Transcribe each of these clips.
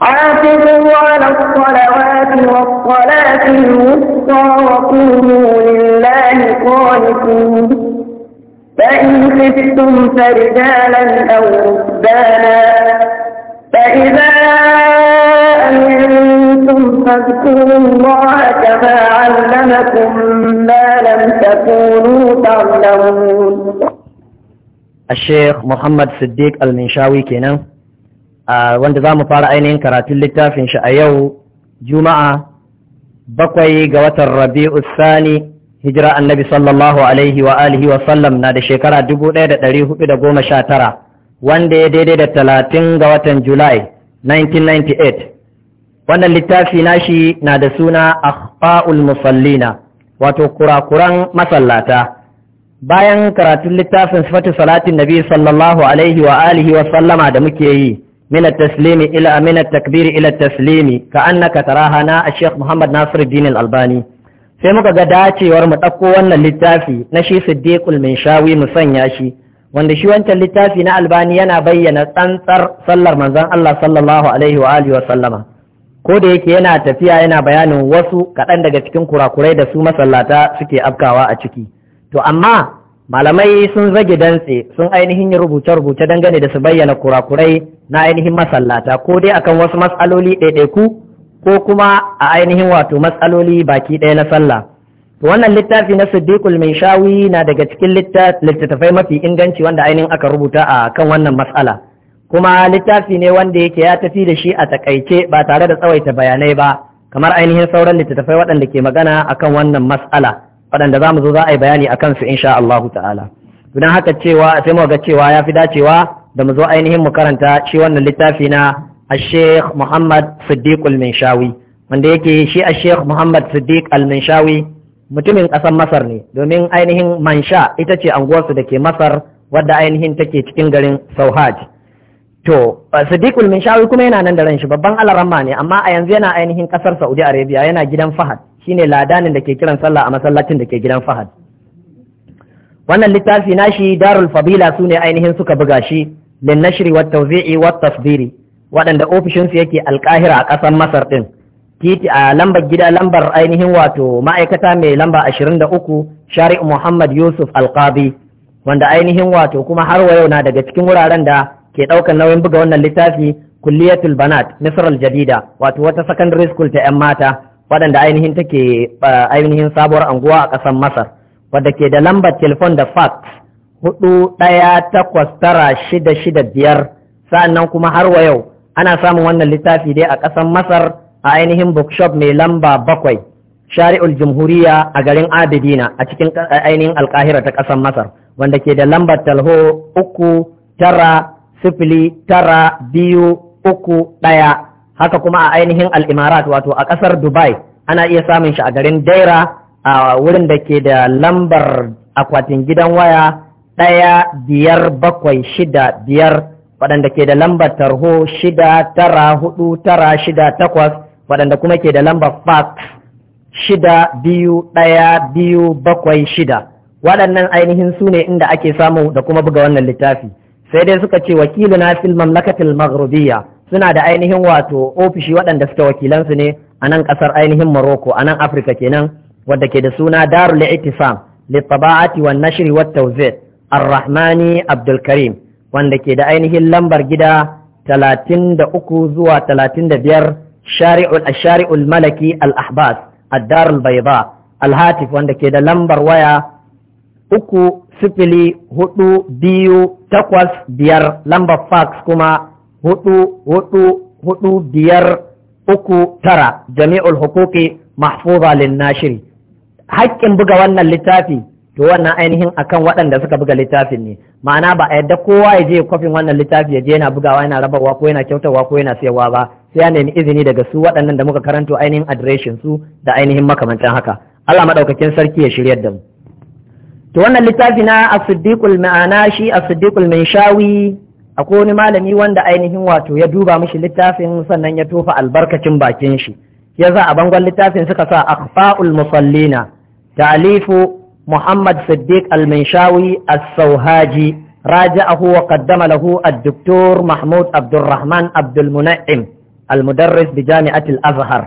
حافظوا على الصلوات والصلاة الوسطى وقوموا لله قانتين فإن خفتم فرجالا أو ركبانا فإذا أمنتم فاذكروا الله كما علمكم ما لم تكونوا تعلمون الشيخ محمد صديق المنشاوي كنا wanda za mu fara ainihin karatun littafin shi a yau juma'a bakwai ga watan rabi'u sani hijira annabi sallallahu alaihi wa alihi wa sallam na da shekara tara, wanda ya daidai da talatin ga watan julai 1998 wannan littafi nashi na da suna akhfa'ul musallina wato kurakuran masallata bayan karatun littafin sifatu salatin nabi sallallahu alaihi wa alihi wa sallama da muke yi من التسليم إلى من التكبير إلى التسليم كأنك تراها نا الشيخ محمد ناصر الدين الألباني sai muka ga dacewar mu ɗauko wannan littafi na shi siddiqul min shawi mu sanya shi wanda shi wancan littafi na albani yana bayyana tsantsar sallar manzon Allah sallallahu alaihi wa alihi wa sallama ko da yake yana tafiya yana bayanin wasu kaɗan daga cikin kurakurai da su masallata suke afkawa a ciki to amma malamai sun zage dantse sun ainihin rubuce-rubuce dangane da su bayyana kurakurai na ainihin masallata ko dai akan wasu matsaloli ɗaiɗaiku ko kuma a ainihin wato matsaloli baki ɗaya na sallah wannan littafi na siddiqul minshawi na daga cikin littattafai mafi inganci wanda ainihin aka rubuta a kan wannan matsala kuma littafi ne wanda yake ya tafi da shi a takaice ba tare da tsawaita bayanai ba kamar ainihin sauran littattafai waɗanda ke magana akan wannan matsala waɗanda za mu zo za a yi bayani a kansu insha Allah ta'ala don haka cewa sai mu ga cewa ya fi dacewa da mu zo ainihin mu karanta shi wannan littafi na Sheikh Muhammad Siddiq al-Minshawi wanda yake shi Sheikh Muhammad Siddiq al-Minshawi mutumin ƙasar Masar ne domin ainihin Mansha ita ce anguwar da ke Masar wadda ainihin take cikin garin Sauhaj. To, Siddiq al Minshawi kuma yana nan da ran shi babban alarama ne amma a yanzu yana ainihin ƙasar Saudi Arabia yana gidan Fahad shine ladanin da ke kiran sallah a masallacin da ke gidan Fahad. Wannan littafi nashi Darul Fadila su ne ainihin suka buga shi lin nashri wat tawzi'i wat tasdiri waɗanda ofishinsu yake alkahira a kasar masar ɗin titi a lambar gida lambar ainihin wato ma'aikata mai lamba ashirin da uku shari'u muhammad yusuf alqabi wanda ainihin wato kuma har wa yau na daga cikin wuraren da ke ɗaukar nauyin buga wannan littafi kulliyatul banat misr al jadida wato wata secondary school ta 'yan mata waɗanda ainihin take ainihin sabuwar anguwa a ƙasar masar wadda ke da lambar telefon da fax hudu ɗaya takwas tara shida shida biyar sa'annan kuma har wa yau ana samun wannan littafi dai a ƙasar masar a ainihin bookshop mai lamba bakwai shari'ul jamhuriya a garin abidina a cikin ainihin alkahira ta ƙasar masar wanda ke da lambar talho uku tara sifili tara biyu uku ɗaya haka kuma a ainihin al'imarat wato a ƙasar dubai ana iya samun shi a garin daira a wurin da ke da lambar akwatin gidan waya ɗaya biyar bakwai shida biyar waɗanda ke da lambar tarho shida tara hudu tara shida takwas waɗanda kuma ke da lambar fax shida biyu ɗaya biyu bakwai shida waɗannan ainihin su ne inda ake samu da kuma buga wannan littafi sai dai suka ce wakilu na filman lakatil magrubiya suna da ainihin wato ofishi waɗanda suka wakilansu ne a nan ƙasar ainihin maroko a nan Afirka kenan wadda ke da suna Darul itisam li taba'ati wan Ar-Rahmani Abdulkarim wanda ke da ainihin lambar gida talatin da uku zuwa talatin da biyar shari'ul malaki al-ahbas addar al-bayda al-hatif wanda ke da lambar waya uku sifili hudu biyu takwas biyar lambar fax kuma hudu hudu biyar uku tara jami'ul hukuki mahfuza lin nashiri haƙƙin buga wannan littafi to wannan ainihin akan waɗanda suka buga littafin ne ma'ana ba a yadda kowa ya je kofin wannan littafi ya je yana bugawa yana rabawa ko yana kyautarwa ko yana sayarwa ba sai ya nemi izini daga su waɗannan da muka karanto ainihin adireshin su da ainihin makamancin haka Allah madaukakin sarki ya shiryar da mu to wannan littafi na as-siddiqul ma'ana shi as-siddiqul minshawi akwai wani malami wanda ainihin wato ya duba mishi littafin sannan ya tofa albarkacin bakin shi ya za a bangon littafin suka sa akhfa'ul musallina ta'lifu محمد صديق المنشاوي السوهاجي راجعه وقدم له الدكتور محمود عبد الرحمن عبد المنعم المدرس بجامعة الأزهر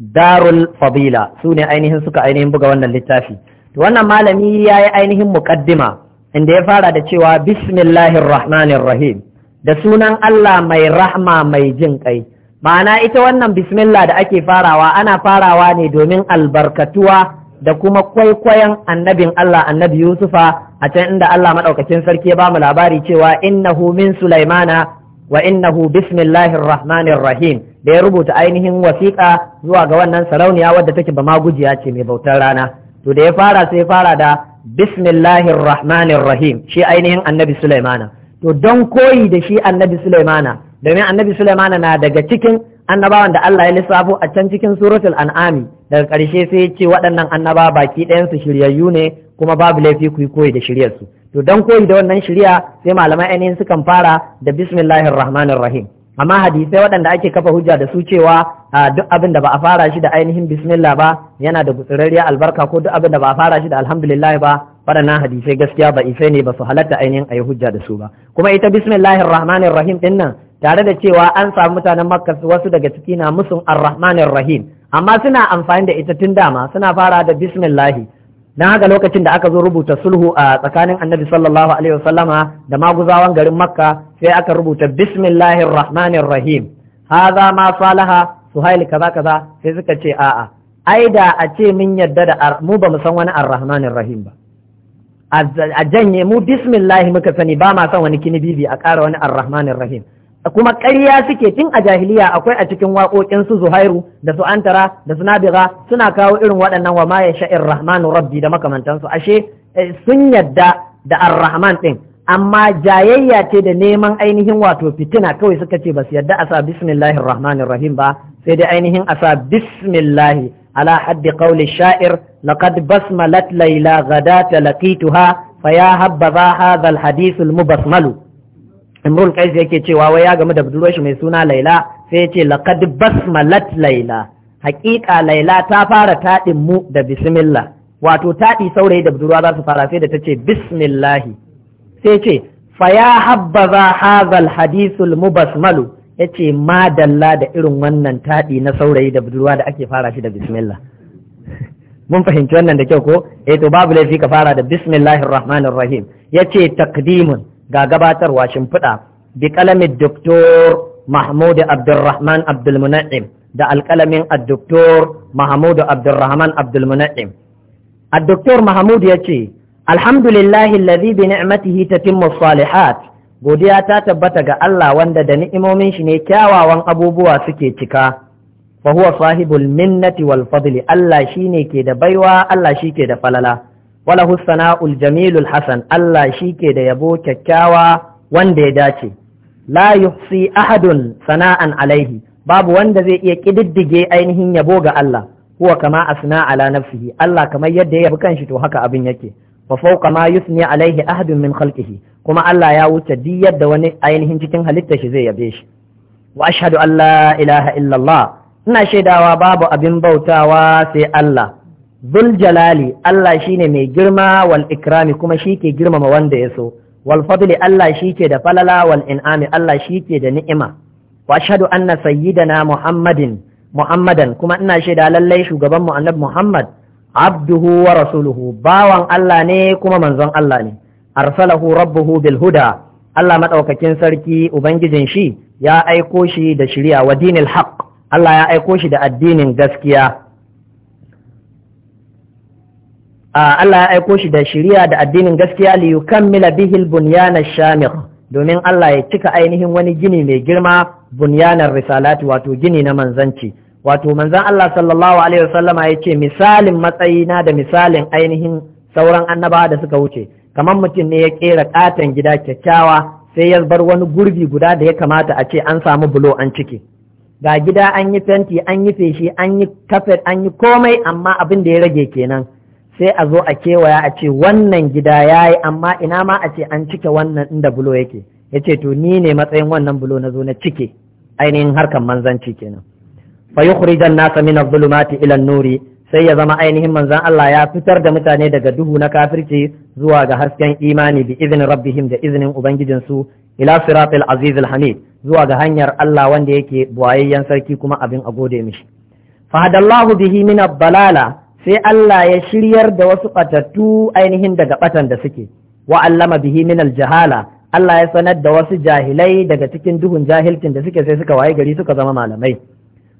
دار الفضيلة سوني أينهم سكا أينهم بقوانا للتافي وانا مالمي يا أينهم مقدمة عند يفعل دا بسم الله الرحمن الرحيم da sunan Allah mai rahma mai jin kai ma'ana ita wannan bismillah da ake farawa ana farawa ne domin albarkatuwa da kuma kwaikwayon annabin Allah annabi Yusufa a can inda Allah maɗaukacin sarki ya bamu labari cewa innahu min Sulaimana wa innahu bismillahir rahmanir rahim da ya rubuta ainihin wasiƙa zuwa ga wannan sarauniya wadda take ba magujiya ce mai bautar rana to da ya fara sai ya fara da bismillahir rahmanir rahim shi ainihin annabi Sulaimana to don koyi da shi annabi Sulaimana domin annabi Sulaimana na daga cikin annabawan da Allah ya lissafo a can cikin suratul an'ami daga ƙarshe sai ya ce waɗannan annaba baki ɗayan su shiryayyu ne kuma babu laifi ku yi koyi da shiryar su to dan koyi da wannan shirya sai malaman ainihin sukan fara da bismillahir rahmanir rahim amma hadisai waɗanda ake kafa hujja da su cewa duk abin da ba a fara shi da ainihin bismillah ba yana da gutsirarriya albarka ko duk abin da ba a fara shi da alhamdulillah ba waɗannan hadisai gaskiya ba isai ne ba su halatta ainihin a yi hujja da su ba kuma ita bismillahir rahmanir rahim din tare da cewa an samu mutanen makka wasu daga ciki na musun arrahmanir rahim amma suna amfani da ita tun dama suna fara da bismillahi dan haka lokacin da aka zo rubuta sulhu a tsakanin annabi sallallahu alaihi wasallama da maguzawan garin makka sai aka rubuta bismillahir rahmanir rahim hadha ma salaha suhail kaza kaza sai suka ce a'a ai da a ce min yadda da mu ba mu san wani arrahmanir rahim ba a janye mu bismillah muka sani ba ma san wani kinibibi a ƙara wani arrahmanir rahim kuma ƙarya suke tun a jahiliya akwai a cikin waƙoƙin su zuhairu da su antara da su nabiga suna kawo irin waɗannan wa maye sha'ir rahmanu rabbi da makamantansu ashe eh, sun yadda da arrahman ɗin amma jayayya ce da neman ainihin wato fitina kawai suka ce ba su yadda a sa bismillahir Rahmanu rahim ba sai dai ainihin a sa bismillahi ala haddi qawli sha'ir laqad basmalat layla ghadata laqituha fa ya habbaza hadha al-hadith mubasmalu imrul qais yake cewa wai ya gamu da budurwar shi mai suna laila sai ya ce laqad basmalat laila haƙiƙa laila ta fara taɗin mu da bismillah wato taɗi saurayi da budurwa za su fara sai da ta ce bismillahi sai ce fa ya habbaza hazal hadisul mubasmalu ya ce madalla da irin wannan taɗi na saurayi da budurwa da ake fara shi da bismillah mun fahimci wannan da kyau ko eh to babu laifi ka fara da bismillahir rahmanir rahim yace takdimun ga gabatarwa shimfiɗa bi kalamin doktor mahmud abdulrahman abdulmuna'im da alkalamin doktor mahmud abdulrahman abdulmuna'im doktor mahmud ya ce alhamdulillahi allazi bi ni'matihi tatimmu salihat godiya ta tabbata ga Allah wanda da ni'imomin shi ne kyawawan abubuwa suke cika fa huwa sahibul minnati wal fadli Allah shine ke da baiwa Allah shi ke da falala wala sana'ul jamilul hasan Allah shi ke da yabo kyakkyawa wanda ya dace la yuhsi ahadun sana'an alaihi babu wanda zai iya kididdige ainihin yabo ga Allah huwa kama asna ala nafsihi Allah kamar yadda ya yabi kanshi to haka abin yake fa fawqa ma yusni alaihi ahadun min khalqihi kuma Allah ya wuce duk yadda wani ainihin cikin halitta shi zai yabe shi wa ashhadu an la ilaha illallah ina shaidawa babu abin bautawa sai Allah Zul jalali Allah shine mai girma wal ikrami kuma shi ke girmama wanda ya so wal fadli Allah shi ke da falala wal in'ami Allah shi ke da ni'ima wa ashhadu anna sayyidana Muhammadin Muhammadan kuma ina shaida lallai shugaban Annabi Muhammad abduhu wa rasuluhu bawan Allah ne kuma manzon Allah ne arsalahu rabbuhu bil huda Allah madaukakin sarki ubangijin shi ya aiko shi da shari'a wa dinil haqq Allah ya aiko shi da addinin gaskiya Ah, Allah ya aiko shi da shiriya da addinin gaskiya li yukammila bihi al ash shamir domin Allah ya cika ainihin wani gini mai girma bunyanar risalati wato gini na manzanci wato manzan Allah sallallahu alaihi wasallama ya ce misalin matsayina da misalin ainihin sauran annabawa da suka wuce kamar mutum ne ya kera katon gida kyakkyawa sai ya bar wani gurbi guda da ya kamata a ce an samu bulo an ciki ga gida an yi fenti an yi feshi an yi kafet an yi komai amma abin da ya rage kenan sai a zo a kewaya a ce wannan gida ya yi amma ina ma a ce an cike wannan inda bulo yake ya ce to ni ne matsayin wannan bulo na zo na cike ainihin harkar manzanci kenan fa yukhrijan nasa min adh-dhulumati ila an-nuri sai ya zama ainihin manzan Allah ya fitar da mutane daga duhu na kafirci zuwa ga hasken imani bi izinin rabbihim da izinin ubangijinsu ila siratil azizil hamid zuwa ga hanyar Allah wanda yake buwayayyen sarki kuma abin a gode mishi fahadallahu bihi min balala sai Allah ya shiryar da wasu batattu ainihin daga batan da suke wa allama bihi min aljahala Allah ya sanar da wasu jahilai daga cikin duhun jahilcin da suke sai suka waye gari suka zama malamai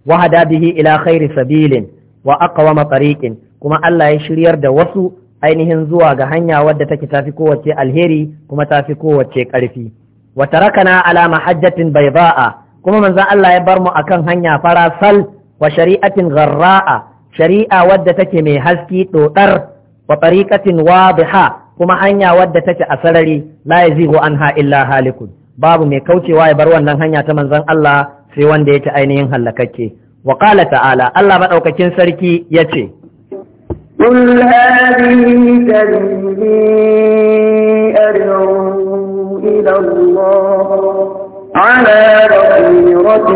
wa hada bihi ila khairi sabilin wa aqwama tariqin kuma Allah ya shiryar da wasu ainihin zuwa ga hanya wadda take tafi kowace alheri kuma tafi kowace ƙarfi wa tarakana ala mahajjatin bayda'a kuma manzon Allah ya bar mu akan hanya farasal wa shari'atin gharra'a shari'a wadda take mai haski dodar wa tariqatin wadiha kuma hanya wadda take a sarari la an ha illa halikun babu mai kaucewa ya bar wannan hanya ta manzon Allah sai wanda yake ainihin halakakke wa qala ta'ala Allah maɗaukakin sarki yace قل هذه سبيلي أدعو إلى الله على بصيرة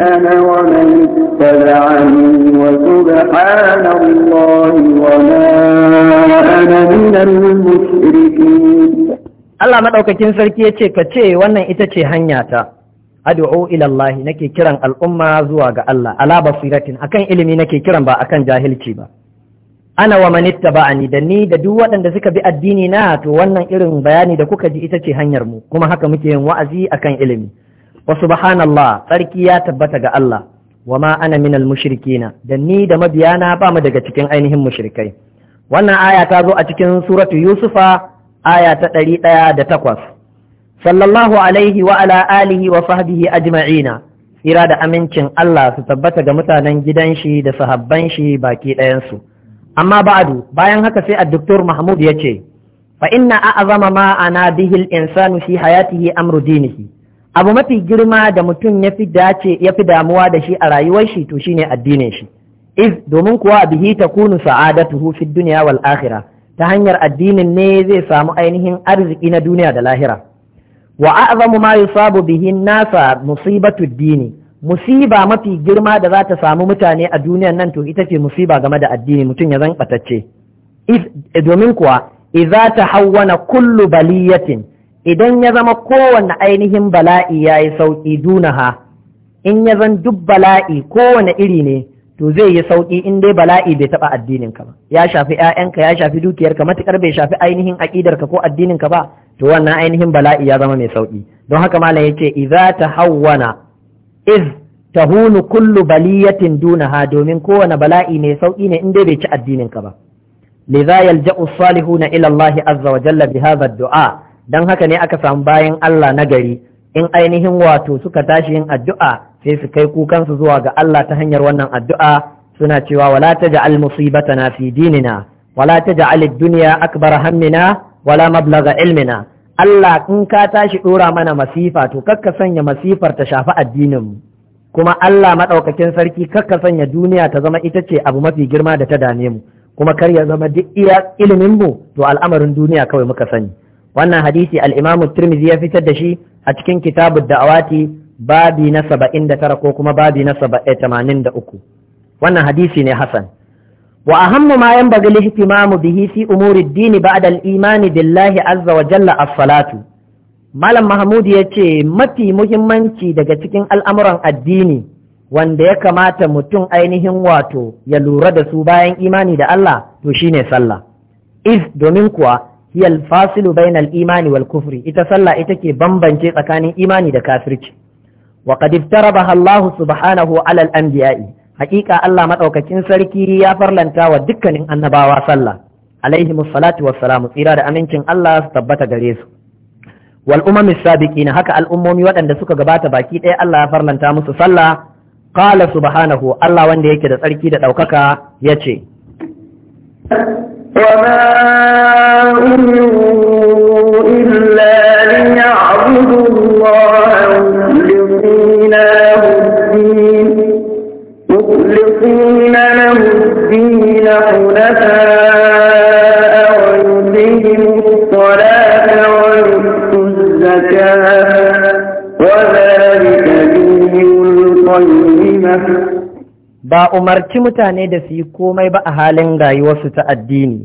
أنا ومن اتبعني وسبحان الله وما أنا من المشركين Allah maɗaukakin sarki ya ce ka ce wannan ita ce hanya ta ad'u ilallahi nake kiran al'umma zuwa ga Allah ala basiratin akan ilimi nake kiran ba akan jahilci ba ana wa manitta ba'ani da ni da duk waɗanda suka bi addini na to wannan irin bayani da kuka ji ita ce hanyar mu kuma haka muke yin wa'azi akan ilimi wa subhanallah tsarki ya tabbata ga Allah wa ma ana minal mushrikina da ni da mabiyana ba mu daga cikin ainihin mushrikai wannan aya ta zo a cikin suratu yusufa aya ta ɗari ɗaya da takwas sallallahu alaihi wa ala alihi wa sahbihi ajma'ina tsira da amincin Allah su tabbata ga mutanen gidan shi da sahabban shi baki ɗayansu amma ba'adu bayan haka sai a doktor mahmud ya ce fa inna a'zama ma ana bihi al-insanu fi hayatihi amru dinihi abu mafi girma da mutum ya fi dace ya fi damuwa da shi a rayuwar shi to shine addinin shi iz domin kuwa bihi takunu sa'adatuhu fi dunya wal akhirah ta hanyar addinin ne zai samu ainihin arziki na duniya da lahira wa a'zamu ma yusabu bihi nasa musibatu dini musiba mafi girma da za ta samu mutane a duniyan nan to ita ce musiba game da addini mutum ya zan batacce eh, domin kuwa idza tahawwana kullu baliyatin idan ya zama kowane ainihin bala'i ya yayi sauki dunaha in ya zan duk bala'i kowane iri ne to zai yi sauƙi in dai bala'i bai taɓa addininka ba ya shafi ƴaƴanka ya shafi dukiyarka matuƙar bai shafi ainihin aƙidarka ko addininka ba to wannan ainihin bala'i ya zama mai sauƙi. don haka malam ya yace idza tahawwana iz tahunu kullu baliyatin dunaha domin kowane bala'i mai sauƙi ne in dai bai ci addinin ka ba Liza yalja'u salihuna ila Allah azza wa jalla bi hadha dua dan haka ne aka samu bayan Allah na gari in ainihin wato suka tashi yin addu'a sai su kai kukansu zuwa ga Allah ta hanyar wannan addu'a suna cewa wala taj'al musibatana fi dinina wala taj'al ad-dunya akbar hammina wala mablagha ilmina Allah in ka tashi ɗora mana masifa to kakka sanya masifar ta shafi addinin mu kuma Allah maɗaukakin sarki kakka sanya duniya ta zama ita ce abu mafi girma da ta dame mu kuma kar ya zama duk iya ilimin mu to al'amarin duniya kawai muka sani wannan hadisi al-Imam Tirmidhi ya fitar da shi a cikin kitabu da'awati babi na 79 ko kuma babi na 83 wannan hadisi ne Hassan وأهم ما ينبغي الاهتمام به في أمور الدين بعد الإيمان بالله عز وجل الصلاة Malam Mahmud ya ce mafi muhimmanci daga cikin al'amuran addini wanda ya kamata mutum ainihin wato ya lura da su bayan imani da Allah to shine sallah. Iz domin kuwa hiyal fasilu bainal imani wal kufri ita sallah ita ke bambance tsakanin imani da kafirci. Wa qad Allahu subhanahu alal anbiya'i hakika Allah madaukakin sarki ya farlanta wa dukkanin annabawa sallah alaihi musallatu wassalamu tsira da amincin Allah su tabbata gare su wal umamis sabiqin haka al'ummomi waɗanda suka gabata baki ɗaya Allah ya farlanta musu sallah qala subhanahu Allah wanda yake da tsarki da ɗaukaka yace wa umarci mutane da su yi komai ba a halin rayuwarsu ta addini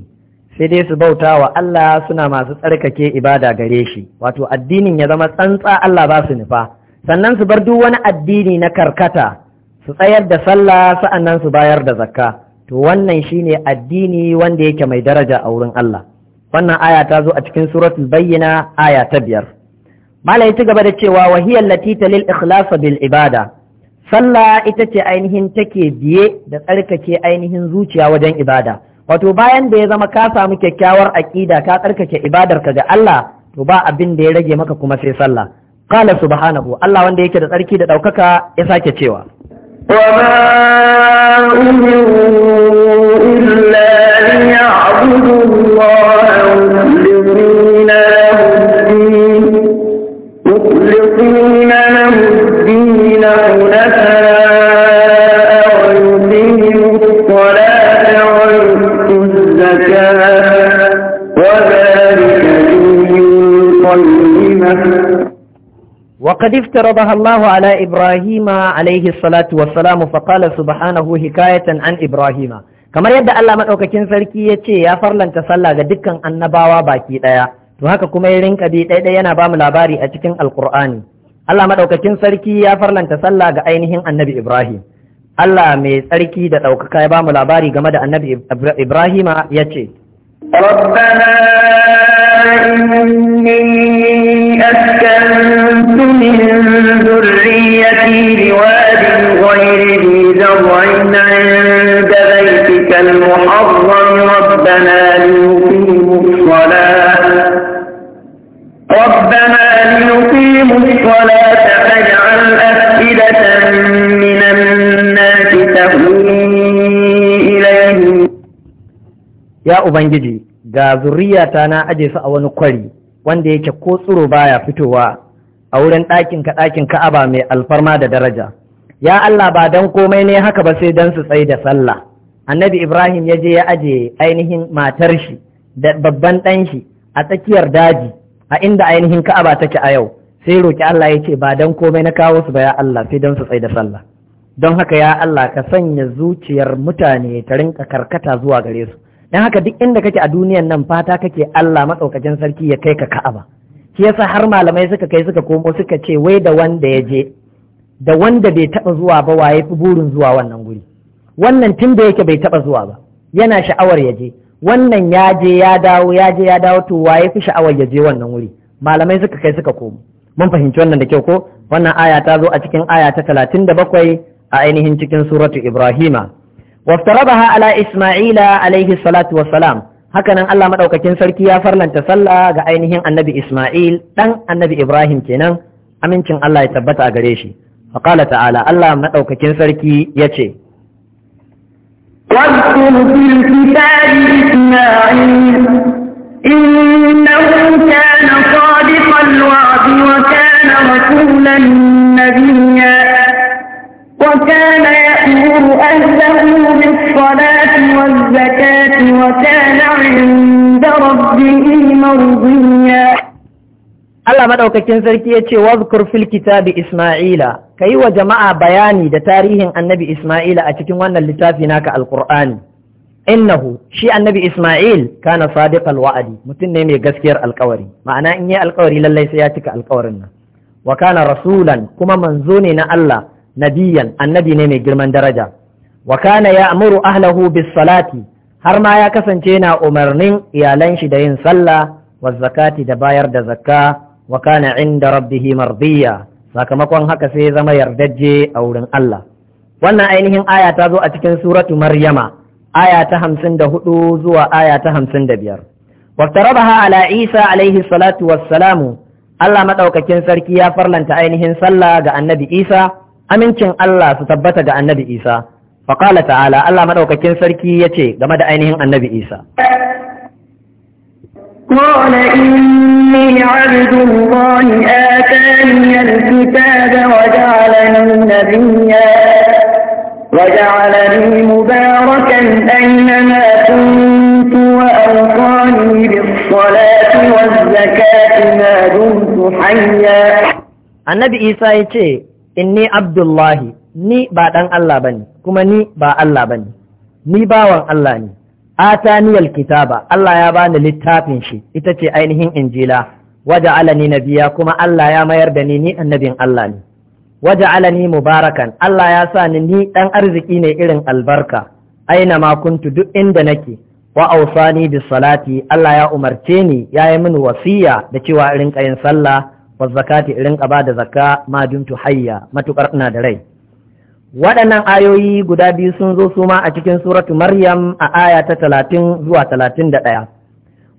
sai dai su bauta wa Allah suna masu tsarkake ibada gare shi wato addinin ya zama tsantsa Allah ba su nufa sannan su bar duk wani addini na karkata su tsayar da sallah sa'annan su bayar da zakka to wannan shine addini wanda yake mai daraja a wurin Allah wannan aya ta zo a cikin suratul bayyana aya ta biyar malai ci gaba da cewa wahiyar lati talil ikhlasa bil ibada sallah ita ce ainihin take biye da tsarkake ainihin zuciya wajen ibada wato bayan da ya zama ka samu kyakkyawar aƙida ka tsarkake ibadarka ga Allah to ba abin da ya rage maka kuma sai sallah qala subhanahu Allah wanda yake da tsarki da ɗaukaka ya sake cewa وما وقد افترضها الله على إبراهيم عليه الصلاة والسلام فقال سبحانه حكاية عن إبراهيم كما يبدأ الله من أوكا كنسر يا فرلا تسلى قد كان أن نباوا باكي to haka kuma ya rinka bi ɗaiɗai yana ba mu labari a cikin Alƙur'ani. Allah maɗaukakin sarki ya farlanta sallah ga ainihin annabi Ibrahim Allah mai tsarki da ɗaukaka ya ba mu labari game da annabi Ibrahim ya ce ربنا إني أسكنت من ذريتي بواد غير ذي زرع عند بيتك وأقيموا الصلاة فاجعل أفئدة من الناس تهوي إليهم يا ga zuriyata na aje su a wani kwari wanda yake ko tsiro baya fitowa a wurin ɗakin ka ɗakin ka'aba mai alfarma da daraja ya Allah ba dan komai ne haka ba sai dan su tsaye da sallah annabi Ibrahim ya je ya aje ainihin matar shi da babban ɗan shi a tsakiyar daji a inda ainihin ka'aba take a yau sai roƙi Allah ya ce ba don komai na kawo su ba ya Allah sai don su tsaye da sallah don haka ya Allah ka sanya zuciyar mutane ta rinka karkata zuwa gare su don haka duk inda kake a duniyan nan fata kake Allah matsaukacin sarki ya kai ka Ka'aba shi yasa har malamai suka kai suka komo suka ce wai da wanda ya je da wanda bai taɓa zuwa ba waye fi burin zuwa wannan guri wannan tun da yake bai taɓa zuwa ba yana sha'awar ya je wannan ya je ya dawo ya je ya dawo to waye fi sha'awar ya je wannan wuri malamai suka kai suka komo mun fahimci wannan da kyau ko wannan aya ta zo a cikin aya ta talatin da bakwai a ainihin cikin suratu ibrahima waftarabaha ala isma'ila alaihi salatu wassalam hakanan Allah madaukakin sarki ya farlanta sallah ga ainihin annabi isma'il dan annabi ibrahim kenan amincin Allah ya tabbata a gare shi faqala ta'ala Allah madaukakin sarki yace واذكر في الكتاب مرضيا Allah maɗaukakin sarki ya ce wazkur fil kitabi Isma'ila ka yi wa jama'a bayani da tarihin annabi Isma'ila a cikin wannan littafi naka Alkur'ani. innahu shi annabi Isma'il kana sadiqal wa'adi mutum ne mai gaskiyar alƙawari ma'ana in yi alƙawari lallai sai ya cika alƙawarin nan wa kana rasulan kuma manzo ne na Allah nabiyan annabi ne mai girman daraja wa kana ya'muru ahlahu bis salati har ma ya kasance na umarnin iyalan shi da yin sallah wa zakati da bayar da zakka wa kana inda rabbihi mardiya sakamakon haka sai zama yardajje a wurin Allah wannan ainihin aya ta zo a cikin suratu maryama aya ta hamsin da hudu zuwa aya ta hamsin da biyar waftarabaha ala isa alaihi salatu wassalamu Allah maɗaukakin sarki ya farlanta ainihin sallah ga annabi isa amincin Allah su tabbata ga annabi isa تعالى الله ما maɗaukakin كين سركي يتي game da ainihin annabi isa قال إني عبد الله آتاني الكتاب وجعلني نبيا وجعلني مباركا أينما كنت وأوصاني بالصلاة والزكاة ما دمت حيا النبي إيسا يتي إني عبد الله ni ba ɗan Allah ba ne kuma ni ba Allah ba ne ni bawan Allah ne kita kitaba Allah ya bani littafin shi ita ce ainihin injila Waje alani na biya kuma Allah ya mayar da ni ni annabin Allah ne Waje alani mubarakan Allah ya sa ni ni ɗan arziki ne irin albarka aina makuntu duk inda nake wa ausani da salati Allah ya umarce ni ya yi min wasiya da cewa irin yin sallah wa zakati irin ba da zakka ma dumtu hayya matukar ina da rai waɗannan ayoyi guda biyu sun zo suma a cikin suratu maryam a aya ta talatin zuwa talatin da ɗaya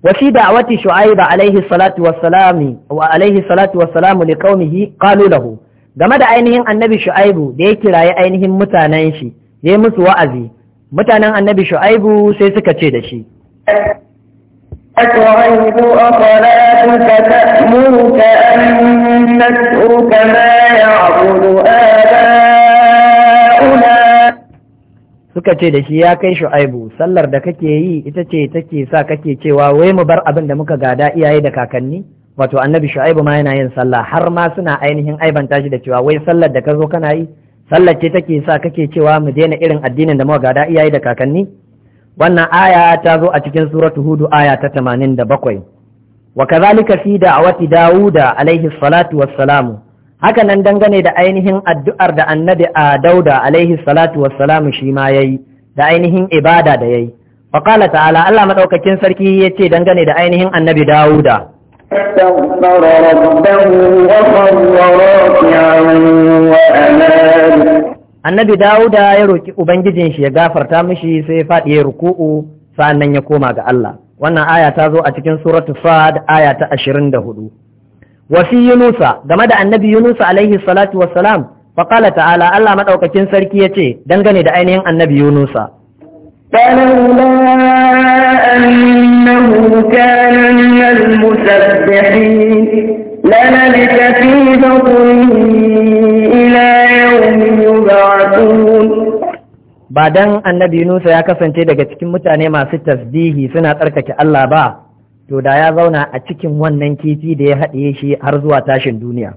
wa shi da'awati shu'aiba alaihi salatu wassalamu wa alaihi salatu wassalamu li qaumihi qalu lahu game da ainihin annabi shu'aibu da ya kiraye ainihin mutanen shi ya musu wa'azi mutanen annabi shu'aibu sai suka ce da shi أتغيب أصلاتك تأمرك أن نترك ما يعبد آباؤنا suka ce da shi ya kai shu'aibu sallar da kake yi ita ce take sa kake cewa wai mu bar abin da muka gada iyaye da kakanni wato annabi shu'aibu ma yana yin sallah har ma suna ainihin aibanta shi da cewa wai sallar da ka zo kana yi sallar ce take sa kake cewa mu daina irin addinin da muka gada iyaye da kakanni wannan aya ta zo a cikin suratu hudu aya ta tamanin da bakwai wa kazalika fi da'awati dawuda alaihi salatu wassalamu haka nan dangane da ainihin addu'ar da annabi a dauda alaihi salatu wassalamu shi ma ya yi da ainihin ibada da ya yi faƙala ta'ala Allah maɗaukakin sarki ya ce dangane da ainihin annabi dawuda annabi dawuda ya roƙi ubangijin shi ya gafarta mishi sai ya faɗi ya ruku'u sa'annan ya koma ga Allah wannan aya ta zo a cikin suratu fad aya ta ashirin da hudu wa fi yunusa game da annabi yunusa alaihi salatu wassalam faqala ta'ala Allah madaukakin sarki yace dangane da ainihin annabi yunusa أنه كان من المسبحين لنبث في بطنه إلى يوم Ba بعدن Annabi Yunusa ya kasance daga cikin mutane masu tasbihi suna tsarkake Allah ba to da ya zauna a cikin wannan kifi da ya haɗe shi har zuwa tashin duniya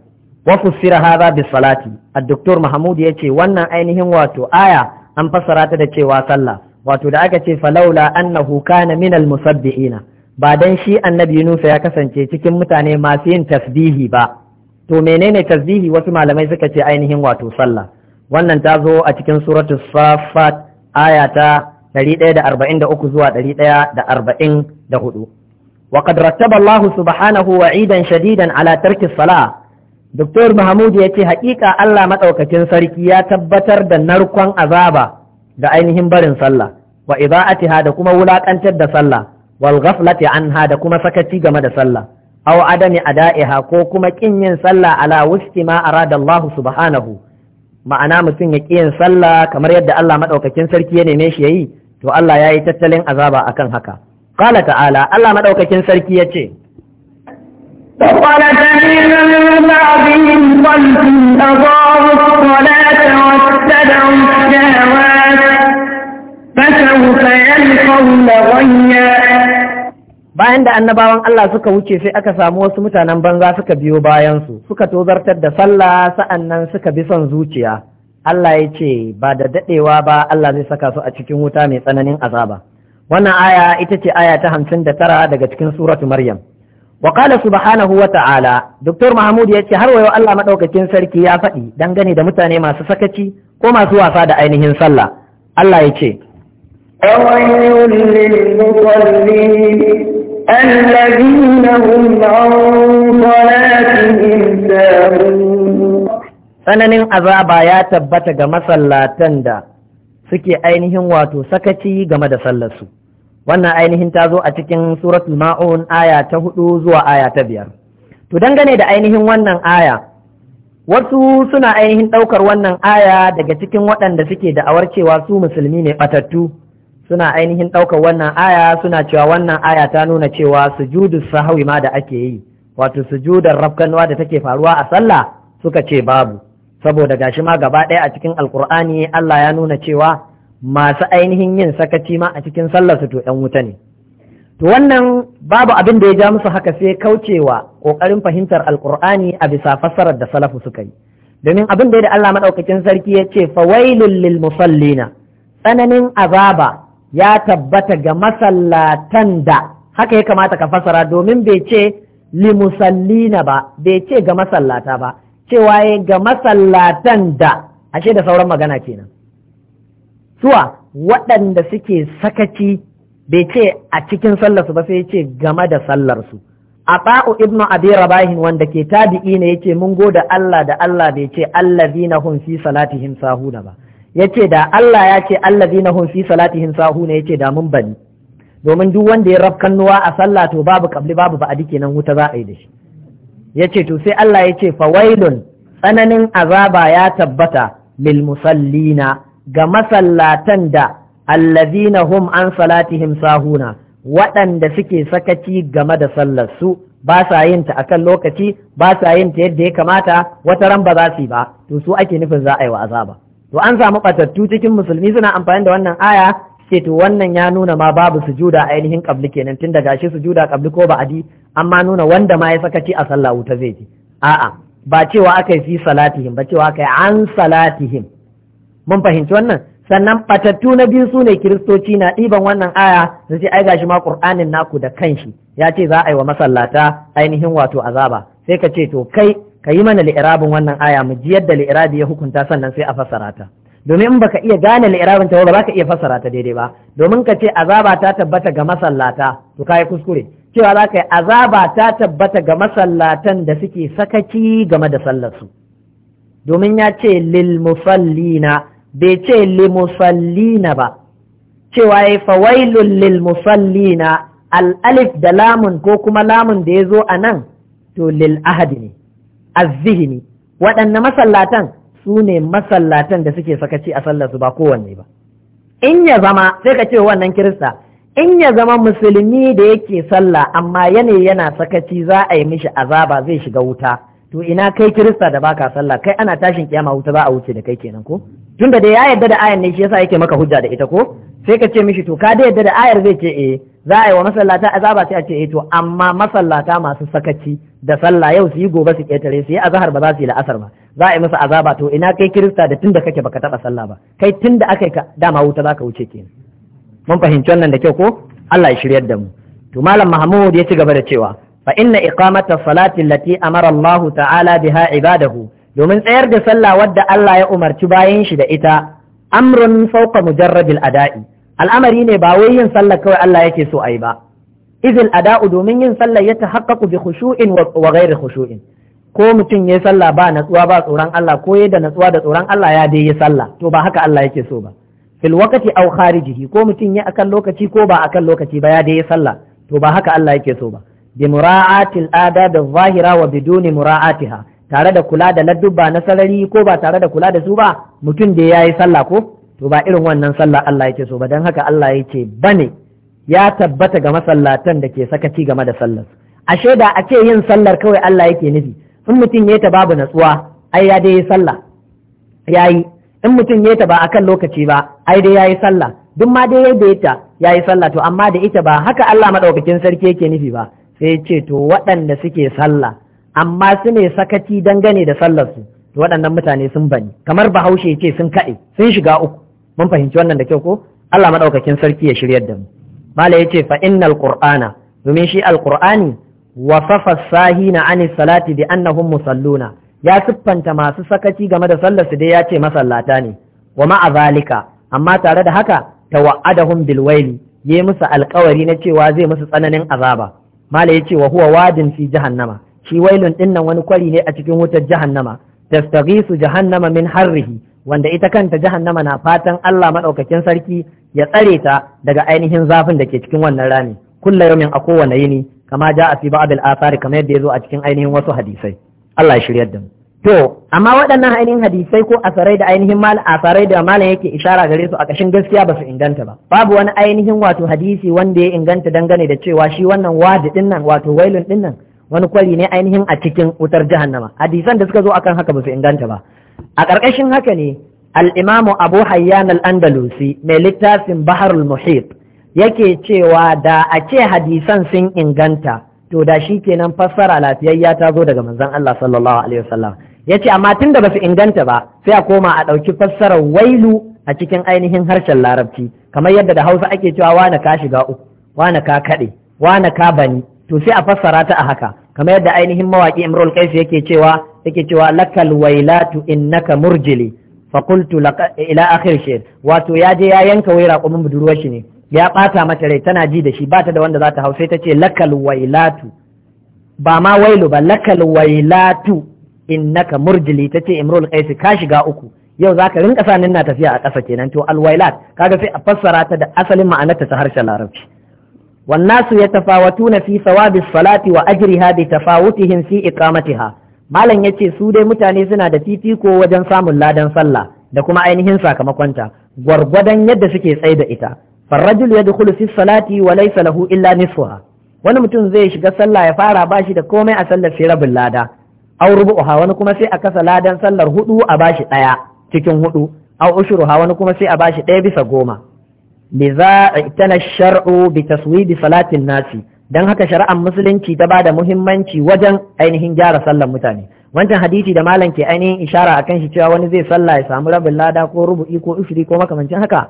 wa fusira hadha bis salati ad-doktor mahmud wannan ainihin wato aya an fassara ta da cewa sallah wato da aka ce falaula annahu kana min al-musabbihina ba dan shi annabi Yunus ya kasance cikin mutane masu yin tasbihi ba to menene tasbihi wasu malamai suka ce ainihin wato sallah wannan ta zo a cikin suratul safat aya ta 143 zuwa 144 وقد رتب الله سبحانه وعيدا شديدا Dr. ترك ya ce محمود Allah حقيقة sarki ya tabbatar da narkon azaba da ainihin barin sallah wa iza'atiha da kuma wulakantar da sallah wal ghaflati anha da kuma sakaci game da sallah aw adami ada'iha ko kuma kin yin sallah ala wusti ma arada Allah subhanahu ma'ana mutum ya kiyin sallah kamar yadda Allah madaukakin sarki ya neme shi ya yi? to Allah yayi tattalin azaba akan haka Kala ta'ala, Allah maɗaukakin sarki ya ce, وقال من بعضهم خلف الصلاة واتبعوا الشهوات فسوف يلقون غيا bayan da annabawan Allah suka wuce sai aka samu wasu mutanen banza suka biyo bayansu suka tozartar da sallah sa'annan suka bi son zuciya Allah ya ce ba da daɗewa ba Allah zai saka su a cikin wuta mai tsananin azaba wannan aya ita ce aya ta hamsin da tara daga cikin suratu maryam wa qala subhanahu wa ta'ala doktor mahmud ya ce har wayo Allah maɗaukakin sarki ya faɗi dangane da mutane masu sakaci ko masu wasa da ainihin sallah Allah ya ce tsananin azaba ya tabbata ga masallatan da suke ainihin wato sakaci game da sallarsu. wannan ainihin ta zo a cikin suratul ma'un aya ta hudu zuwa aya ta biyar to dangane da ainihin wannan aya wasu suna ainihin ɗaukar wannan aya daga cikin waɗanda suke da'awar cewa su musulmi ne batattu suna ainihin ɗaukar wannan aya suna cewa wannan aya ta nuna cewa sujudu sahawi ma da ake yi wato sujudar rafkanuwa da take faruwa a sallah suka ce babu saboda gashi ma gaba ɗaya a cikin alkur'ani Allah ya nuna cewa masu ainihin yin sakaci ma a cikin sallarsu to ‘yan wuta ne. To wannan babu abin da ya ja musu haka sai kaucewa ƙoƙarin fahimtar alƙur'ani a bisa fassarar da salafu suka yi. Domin abin da ya da Allah maɗaukakin sarki ya ce fawailul lil musallina tsananin azaba ya tabbata ga masallatan da haka ya kamata ka fassara domin bai ce li musallina ba bai ce ga masallata ba cewa ya ga masallatan da ashe da sauran magana kenan. suwa waɗanda suke sakaci bai ce a cikin sallarsu ba sai ya ce game da sallarsu a ɓa’u ibnu abi rabahin wanda ke tabi'i ne yace mun da Allah da Allah bai ce allazina hun fi salatihim sahuna ba Ya ce da Allah ya ce Allah zina hun fi salatihim sahuna ce da mun bani domin duk wanda ya rab kannuwa a sallah to babu kabli babu ba dike nan wuta za a yi da shi Ya ce to sai Allah ya fa fawailun tsananin azaba ya tabbata lil musallina ga masallatan da allazina hum an salatihim sahuna waɗanda suke sakaci game da sallarsu ba sa yin ta akan lokaci ba sa yin ta yadda ya kamata wata ran ba za su yi ba to su ake nufin za a yi wa azaba to an samu batattu cikin musulmi suna amfani da wannan aya suke to wannan ya nuna ma babu sujuda ainihin kabli kenan tun daga shi sujuda kabli ko adi amma nuna wanda ma ya sakaci a sallah wuta zai ji a'a ba cewa akai yi fi salatihim ba cewa aka an salatihim mun fahimci wannan sannan fatattu na biyu su ne kiristoci na ɗiban wannan aya su ce ai gashi ma ƙur'anin naku da kanshi ya ce za a yi wa masallata ainihin wato azaba sai ka ce to kai ka yi mana li'irabin wannan aya mu ji yadda li'irabi ya hukunta sannan sai a fassara ta domin in baka iya gane li'irabin ta ba ka iya fassara ta daidai ba domin ka ce azaba ta tabbata ga masallata to kai kuskure cewa za ka yi azaba ta tabbata ga masallatan da suke sakaci game da sallarsu domin ya ce lil musallina bai ce limusallina ba cewa ya fawailun lilmusallina al'alif da lamun ko kuma lamun da ya zo a nan to lil ahadi ne azzihini waɗanne masallatan su ne masallatan da suke sakaci a sallarsu ba kowanne ba in ya zama sai ka ce wannan kirista in ya zama musulmi da yake sallah amma yanayi yana sakaci za a yi mishi azaba zai shiga wuta to ina kai kirista da baka sallah kai ana tashin kiyama wuta za a wuce da kai kenan ko tunda da ya yadda da ayar ne shi yasa yake maka hujja da ita ko sai ka ce mishi to ka da yadda da ayar zai ce eh za a yi wa masallata azaba sai a ce eh to amma masallata masu sakaci da sallah yau su yi gobe su ketare su yi azhar ba za su yi la'asar ba za a yi masa azaba to ina kai kirista da tunda kake baka taba sallah ba kai tunda aka ka dama wuta zaka wuce kenan mun fahimci wannan da kyau ko Allah ya shiryar da mu to malam mahmud ya ci gaba da cewa fa inna iqamata salati allati amara Allah ta'ala biha ibadahu domin tsayar da sallah wadda Allah ya umarci bayan shi da ita amrun fawqa mujarrabil ada'i al'amari ne ba wai yin sallah kawai Allah yake so ayi ba izil ada'u domin yin sallah ya tahaqqaqu bi khushu'in wa ghairi khushu'in ko mutum ya sallah ba natsuwa ba tsoron Allah ko ya da natsuwa da tsoron Allah ya dai ya sallah to ba haka Allah yake so ba fil waqti aw kharijihi ko mutum ya akan lokaci ko ba akan lokaci ba ya dai ya sallah to ba haka Allah yake so ba bi mura'atil adab adh wa biduni mura'atiha tare da kula da ladduba na sarari ko ba tare da kula da su ba mutum da ya yi sallah ko to ba irin wannan sallah Allah yake so ba don haka Allah yake bane ya tabbata ga masallatan da ke sakaci game da sallar ashe da a ce yin sallar kawai Allah yake nufi in mutum ya ta babu natsuwa ai ya dai yi sallah yayi in mutum ya ta ba akan lokaci ba ai dai yayi sallah duk ma dai yadda ya ta yayi sallah to amma da ita ba haka Allah madaukakin sarki yake nufi ba sai ce to waɗanda suke sallah amma su ne sakaci dangane da sallarsu to waɗannan mutane sun bani kamar bahaushe ce sun kaɗe sun shiga uku mun fahimci wannan da kyau ko Allah maɗaukakin sarki ya shiryar da mu mala yace fa innal qur'ana domin shi alqur'ani safa sahina ani salati bi annahum musalluna ya siffanta masu sakaci game da sallar su dai ya ce masallata ne wa ma'a zalika amma tare da haka tawa'adahum bil waili yayi musu alƙawari na cewa zai musu tsananin azaba mala yace wa huwa wadin fi jahannama shi wailun din nan wani kwari ne a cikin wutar jahannama tastaghisu jahannama min harrihi wanda ita kanta jahannama na fatan Allah madaukakin sarki ya tsare ta daga ainihin zafin da ke cikin wannan rami kullu yawmin a kowane yini kama ja a fi ba'd athari kamar yadda yazo a cikin ainihin wasu hadisai Allah ya shiryar da mu to amma waɗannan ainihin hadisai ko asarai da ainihin mal asarai da malam yake ishara gare su a ƙashin gaskiya ba su inganta ba babu wani ainihin wato hadisi wanda ya inganta dangane da cewa shi wannan wadi din nan wato wailun din nan wani kwari ne ainihin a cikin wutar jahannama hadisan da suka zo akan haka ba su inganta ba a ƙarƙashin haka ne al-imamu abu hayyan al-andalusi mai littafin baharul muhit yake cewa da a ce hadisan sun inganta to da shi kenan fassara lafiyayya ta zo daga manzon Allah sallallahu alaihi wasallam yace amma tunda ba su inganta ba sai a koma a ɗauki fassarar wailu a cikin ainihin harshen larabci kamar yadda da Hausa ake cewa wane ka shiga uku wane ka kaɗe wane ka bani to sai a fassara ta a haka kamar yadda ainihin mawaki imrul kaifi yake cewa yake cewa lakal wailatu innaka murjili fa qultu ila akhir shi wato ya je ya yanka wai raƙumin budurwar shi ne ya ɓata mata rai tana ji da shi bata da wanda za ta hau sai ta ce lakal wailatu ba ma wailu ba lakal wailatu innaka murjili ta ce imrul kaifi ka shiga uku yau za ka rinka sanin na tafiya a ƙasa kenan to alwailat kaga sai a fassara ta da asalin ma'anarta ta harshen larabci ya والناس يتفاوتون wa ثواب الصلاة وأجرها بتفاوتهم في إقامتها malam ya ce su dai mutane suna da titi ko wajen samun ladan sallah da kuma ainihin sakamakonta gwargwadon yadda suke tsaida da ita farrajul ya dukulu fi salati wa laysa illa nisfuha wani mutum zai shiga sallah ya fara bashi da komai a sallar sai rabin lada Au rubu'uha wani kuma sai a kasa ladan sallar hudu a bashi ɗaya cikin huɗu. aw ushruha wani kuma sai a bashi ɗaya bisa goma liza tana shar'u bi taswibi salatin nasi dan haka shari'ar musulunci ta bada muhimmanci wajen ainihin gyara sallar mutane wancan hadisi da malam ke ainihin ishara akan shi cewa wani zai salla ya samu rabin lada ko rubu'i ko ushiri ko makamancin haka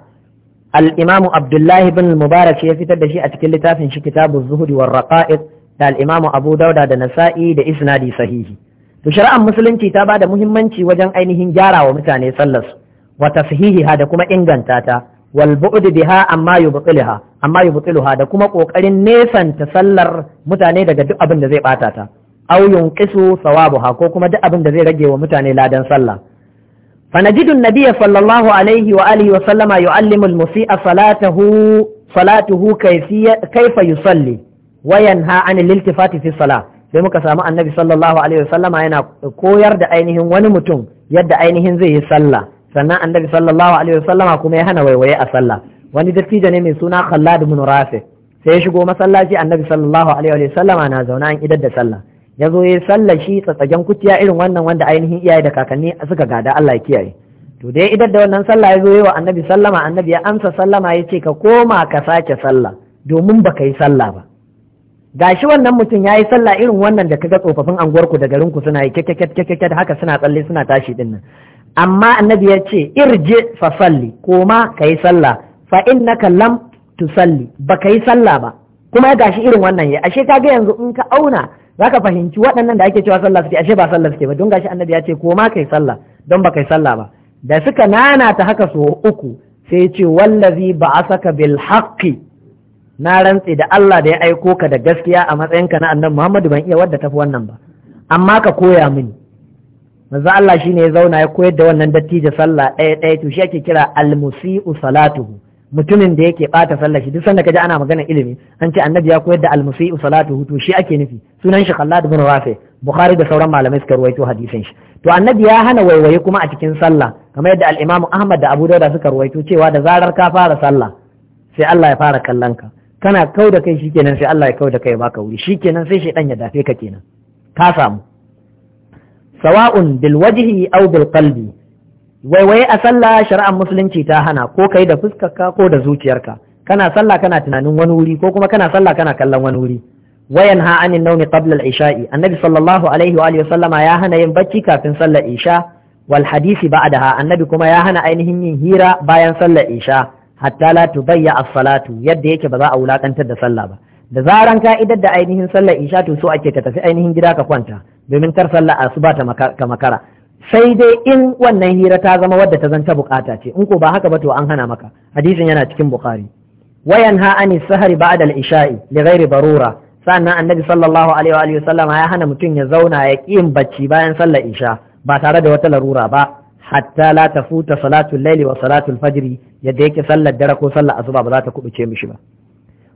al-imamu abdullahi bin mubarak ya fitar da shi a cikin littafin shi kitabu zuhudi war da al-imamu abu dauda da nasa'i da isnadi sahihi to shari'ar musulunci ta bada muhimmanci wajen ainihin gyara wa mutane sallar su wa tashihiha da kuma inganta ta wal biha amma yubtilha amma da kuma kokarin nesanta sallar mutane daga duk abin da zai bata ta aw yunqisu sawabuha ko kuma duk abin da zai rage wa mutane ladan sallah فنجد النبي صلى الله عليه وآله وسلم يعلم المسيء صلاته صلاته كيف يصلي وينهى عن الالتفات في الصلاة sai muka samu annabi sallallahu alaihi wasallama yana koyar da ainihin wani mutum yadda ainihin zai yi sallah sannan annabi sallallahu alaihi sallama kuma ya hana waiwaye a sallah wani dattijo ne mai suna Khallad ibn Rafi sai ya shigo masallaci annabi sallallahu alaihi sallama na zauna an idar da sallah ya zo ya sallah shi tsatsagen kutiya irin wannan wanda ainihin iyaye da kakanni suka gada Allah ya kiyaye to dai idar da wannan sallah ya zo wa annabi sallama annabi ya amsa sallama ya ce ka koma ka sake sallah domin baka yi sallah ba gashi wannan mutum ya yi sallah irin wannan da kaga tsofaffin anguwarku da garinku suna yi kyakkyakkyakkyak haka suna tsalle suna tashi din nan amma annabi ya ce irje fa salli koma ka yi sallah fa innaka lam tusalli ba ka yi sallah ba kuma ya gashi irin wannan ya ashe kaga yanzu in ka auna zaka fahimci waɗannan da ake cewa sallah suke ashe ba sallah suke ba don gashi annabi ya ce koma ka yi sallah don ba ka yi sallah ba da suka ta haka so uku sai ce wallazi ba a bil haqqi na rantse da Allah da ya aiko ka da gaskiya a matsayinka na annabi Muhammadu ban iya wadda tafi wannan ba amma ka koya mini manzo Allah shine ya zauna ya koyar da wannan dattijo sallah ɗaya ɗaya to shi ake kira almusi'u salatuhu mutumin da yake bata sallashi. shi duk sanda kaji ana magana ilimi an ce annabi ya koyar da almusi'u salatuhu to shi ake nufi sunan shi Khallad bin Rafi Bukhari da sauran malamai suka ruwaito hadisin shi to annabi ya hana waiwaye kuma a cikin sallah kamar yadda al-Imam Ahmad da Abu Dawud suka ruwaito cewa da zarar ka fara sallah sai Allah ya fara kallon ka kana kau da kai shikenan sai Allah ya kau da kai baka wuri shikenan sai shaidan ya dafe ka kenan ka samu sawa'un bil wajhi aw bil qalbi waiwaye a sallah shari'ar musulunci ta hana ko kai da fuskarka ko da zuciyarka kana sallah kana tunanin wani wuri ko kuma kana sallah kana kallon wani wuri wayan ha anin nauni qabla al-isha'i annabi sallallahu alaihi wa alihi sallama ya hana yin bacci kafin sallar isha wal hadisi ba'daha annabi kuma ya hana ainihin yin hira bayan sallar isha hatta la tubayya as-salatu yadda yake ba za a wulakantar da sallah ba da zaran ka idar da ainihin sallar isha to so ake ka tafi ainihin gida ka kwanta domin kar sallar asuba ta ka makara sai dai in wannan hira ta zama wadda ta zanta bukata ce in ko ba haka ba to an hana maka hadisin yana cikin bukhari wayan ha ani sahari al-isha'i li ghairi barura sannan annabi sallallahu alaihi wa sallam ya hana mutum ya zauna ya yin bacci bayan sallar isha ba tare da wata larura ba hatta la tafuta salatul laili wa salatul fajri yadda yake sallar dare ko sallar asuba ba za ta kubuce mishi ba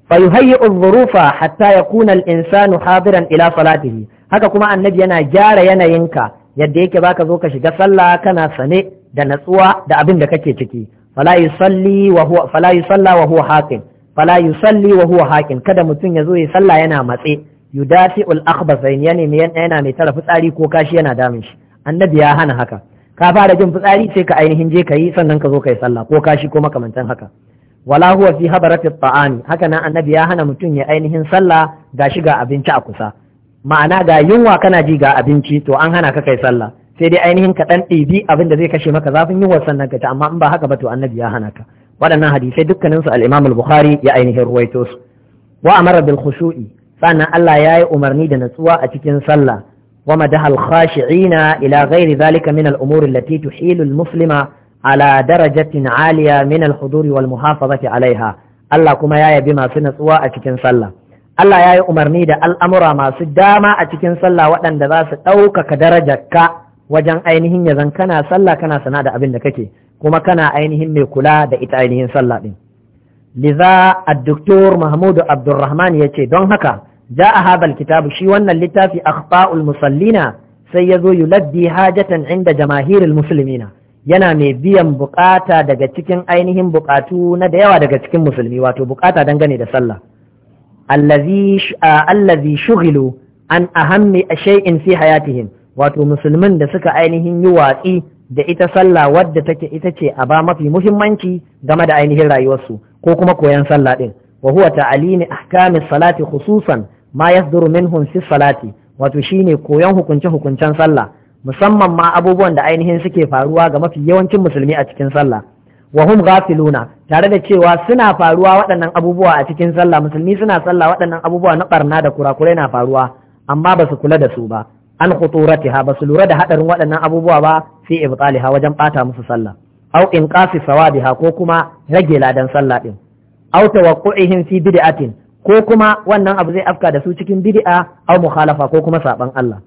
fa yuhayyi'u dhurufa hatta yakuna al-insanu hadiran ila salatihi haka kuma annabi yana gyara yanayinka yadda yake baka zo ka shiga sallah kana sane da natsuwa da abin da kake ciki fala yusalli wa huwa fala yusalla wa huwa haqin fala yusalli wa huwa haqin kada mutum ya zo ya salla yana matse yudafi'ul akhbasain yani yana mai tara fitsari ko kashi yana damin shi annabi ya hana haka ka fara jin fitsari sai ka ainihin je ka yi sannan ka zo ka yi sallah ko kashi ko makamantan haka wala huwa fi habarati ta'ami haka nan annabi ya hana mutum ya ainihin sallah ga shi ga abinci a kusa ma'ana ga yunwa kana ji ga abinci to an hana ka kai sallah sai dai ainihin ka dan ɗibi abin da zai kashe maka zafin yunwa sannan ka ta amma in ba haka ba to annabi ya hana ka waɗannan hadisai dukkaninsu al-Imam al-Bukhari ya ainihin ruwaito su wa amara bil khushu'i sannan Allah ya yi umarni da natsuwa a cikin sallah ومدح الخاشعين إلى غير ذلك من الأمور التي تحيل المسلم على درجة عالية من الحضور والمحافظة عليها الله كما يا بما سنسوا أتكن صلى الله يا أمرني دا الأمر ما سداما أتكن صلى وأن دباس أوكك درجك wajen ainihin ya zan kana sallah kana sana da abin da kake kuma kana ainihin mai kula da ita ainihin sallah din liza ad-doktor mahmudu abdurrahman yace don haka ja'a habal kitabu shi wannan littafi akhfa'ul musallina sai yazo yuladdi hajatan inda jamahiril musulmina. yana mai biyan bukata daga cikin ainihin bukatu na da yawa daga cikin musulmi wato bukata dangane da sallah allazi shughilu an ahammi shay'in fi hayatihim wato musulmin da suka ainihin yi da ita sallah wadda take ita ce a ba mafi muhimmanci game da ainihin rayuwarsu ko kuma koyan sallah din wa huwa ta'alimi ahkamis salati khususan ma yasduru minhum fi salati wato shine koyon hukunce hukuncen sallah musamman ma abubuwan da ainihin suke faruwa ga mafi yawancin musulmi a cikin sallah wa hum ghafiluna tare da cewa suna faruwa waɗannan abubuwa a cikin sallah musulmi suna sallah waɗannan abubuwa na barna da kurakurai na faruwa amma ba su kula da su ba an khuturatiha ba basu lura da hadarin waɗannan abubuwa ba fi ibtaliha wajen bata musu sallah aw inqasi sawabiha ko kuma rage ladan sallah din aw tawaqqu'ihim fi bid'atin ko kuma wannan abu zai afka da su cikin bid'a aw mukhalafa ko kuma saban Allah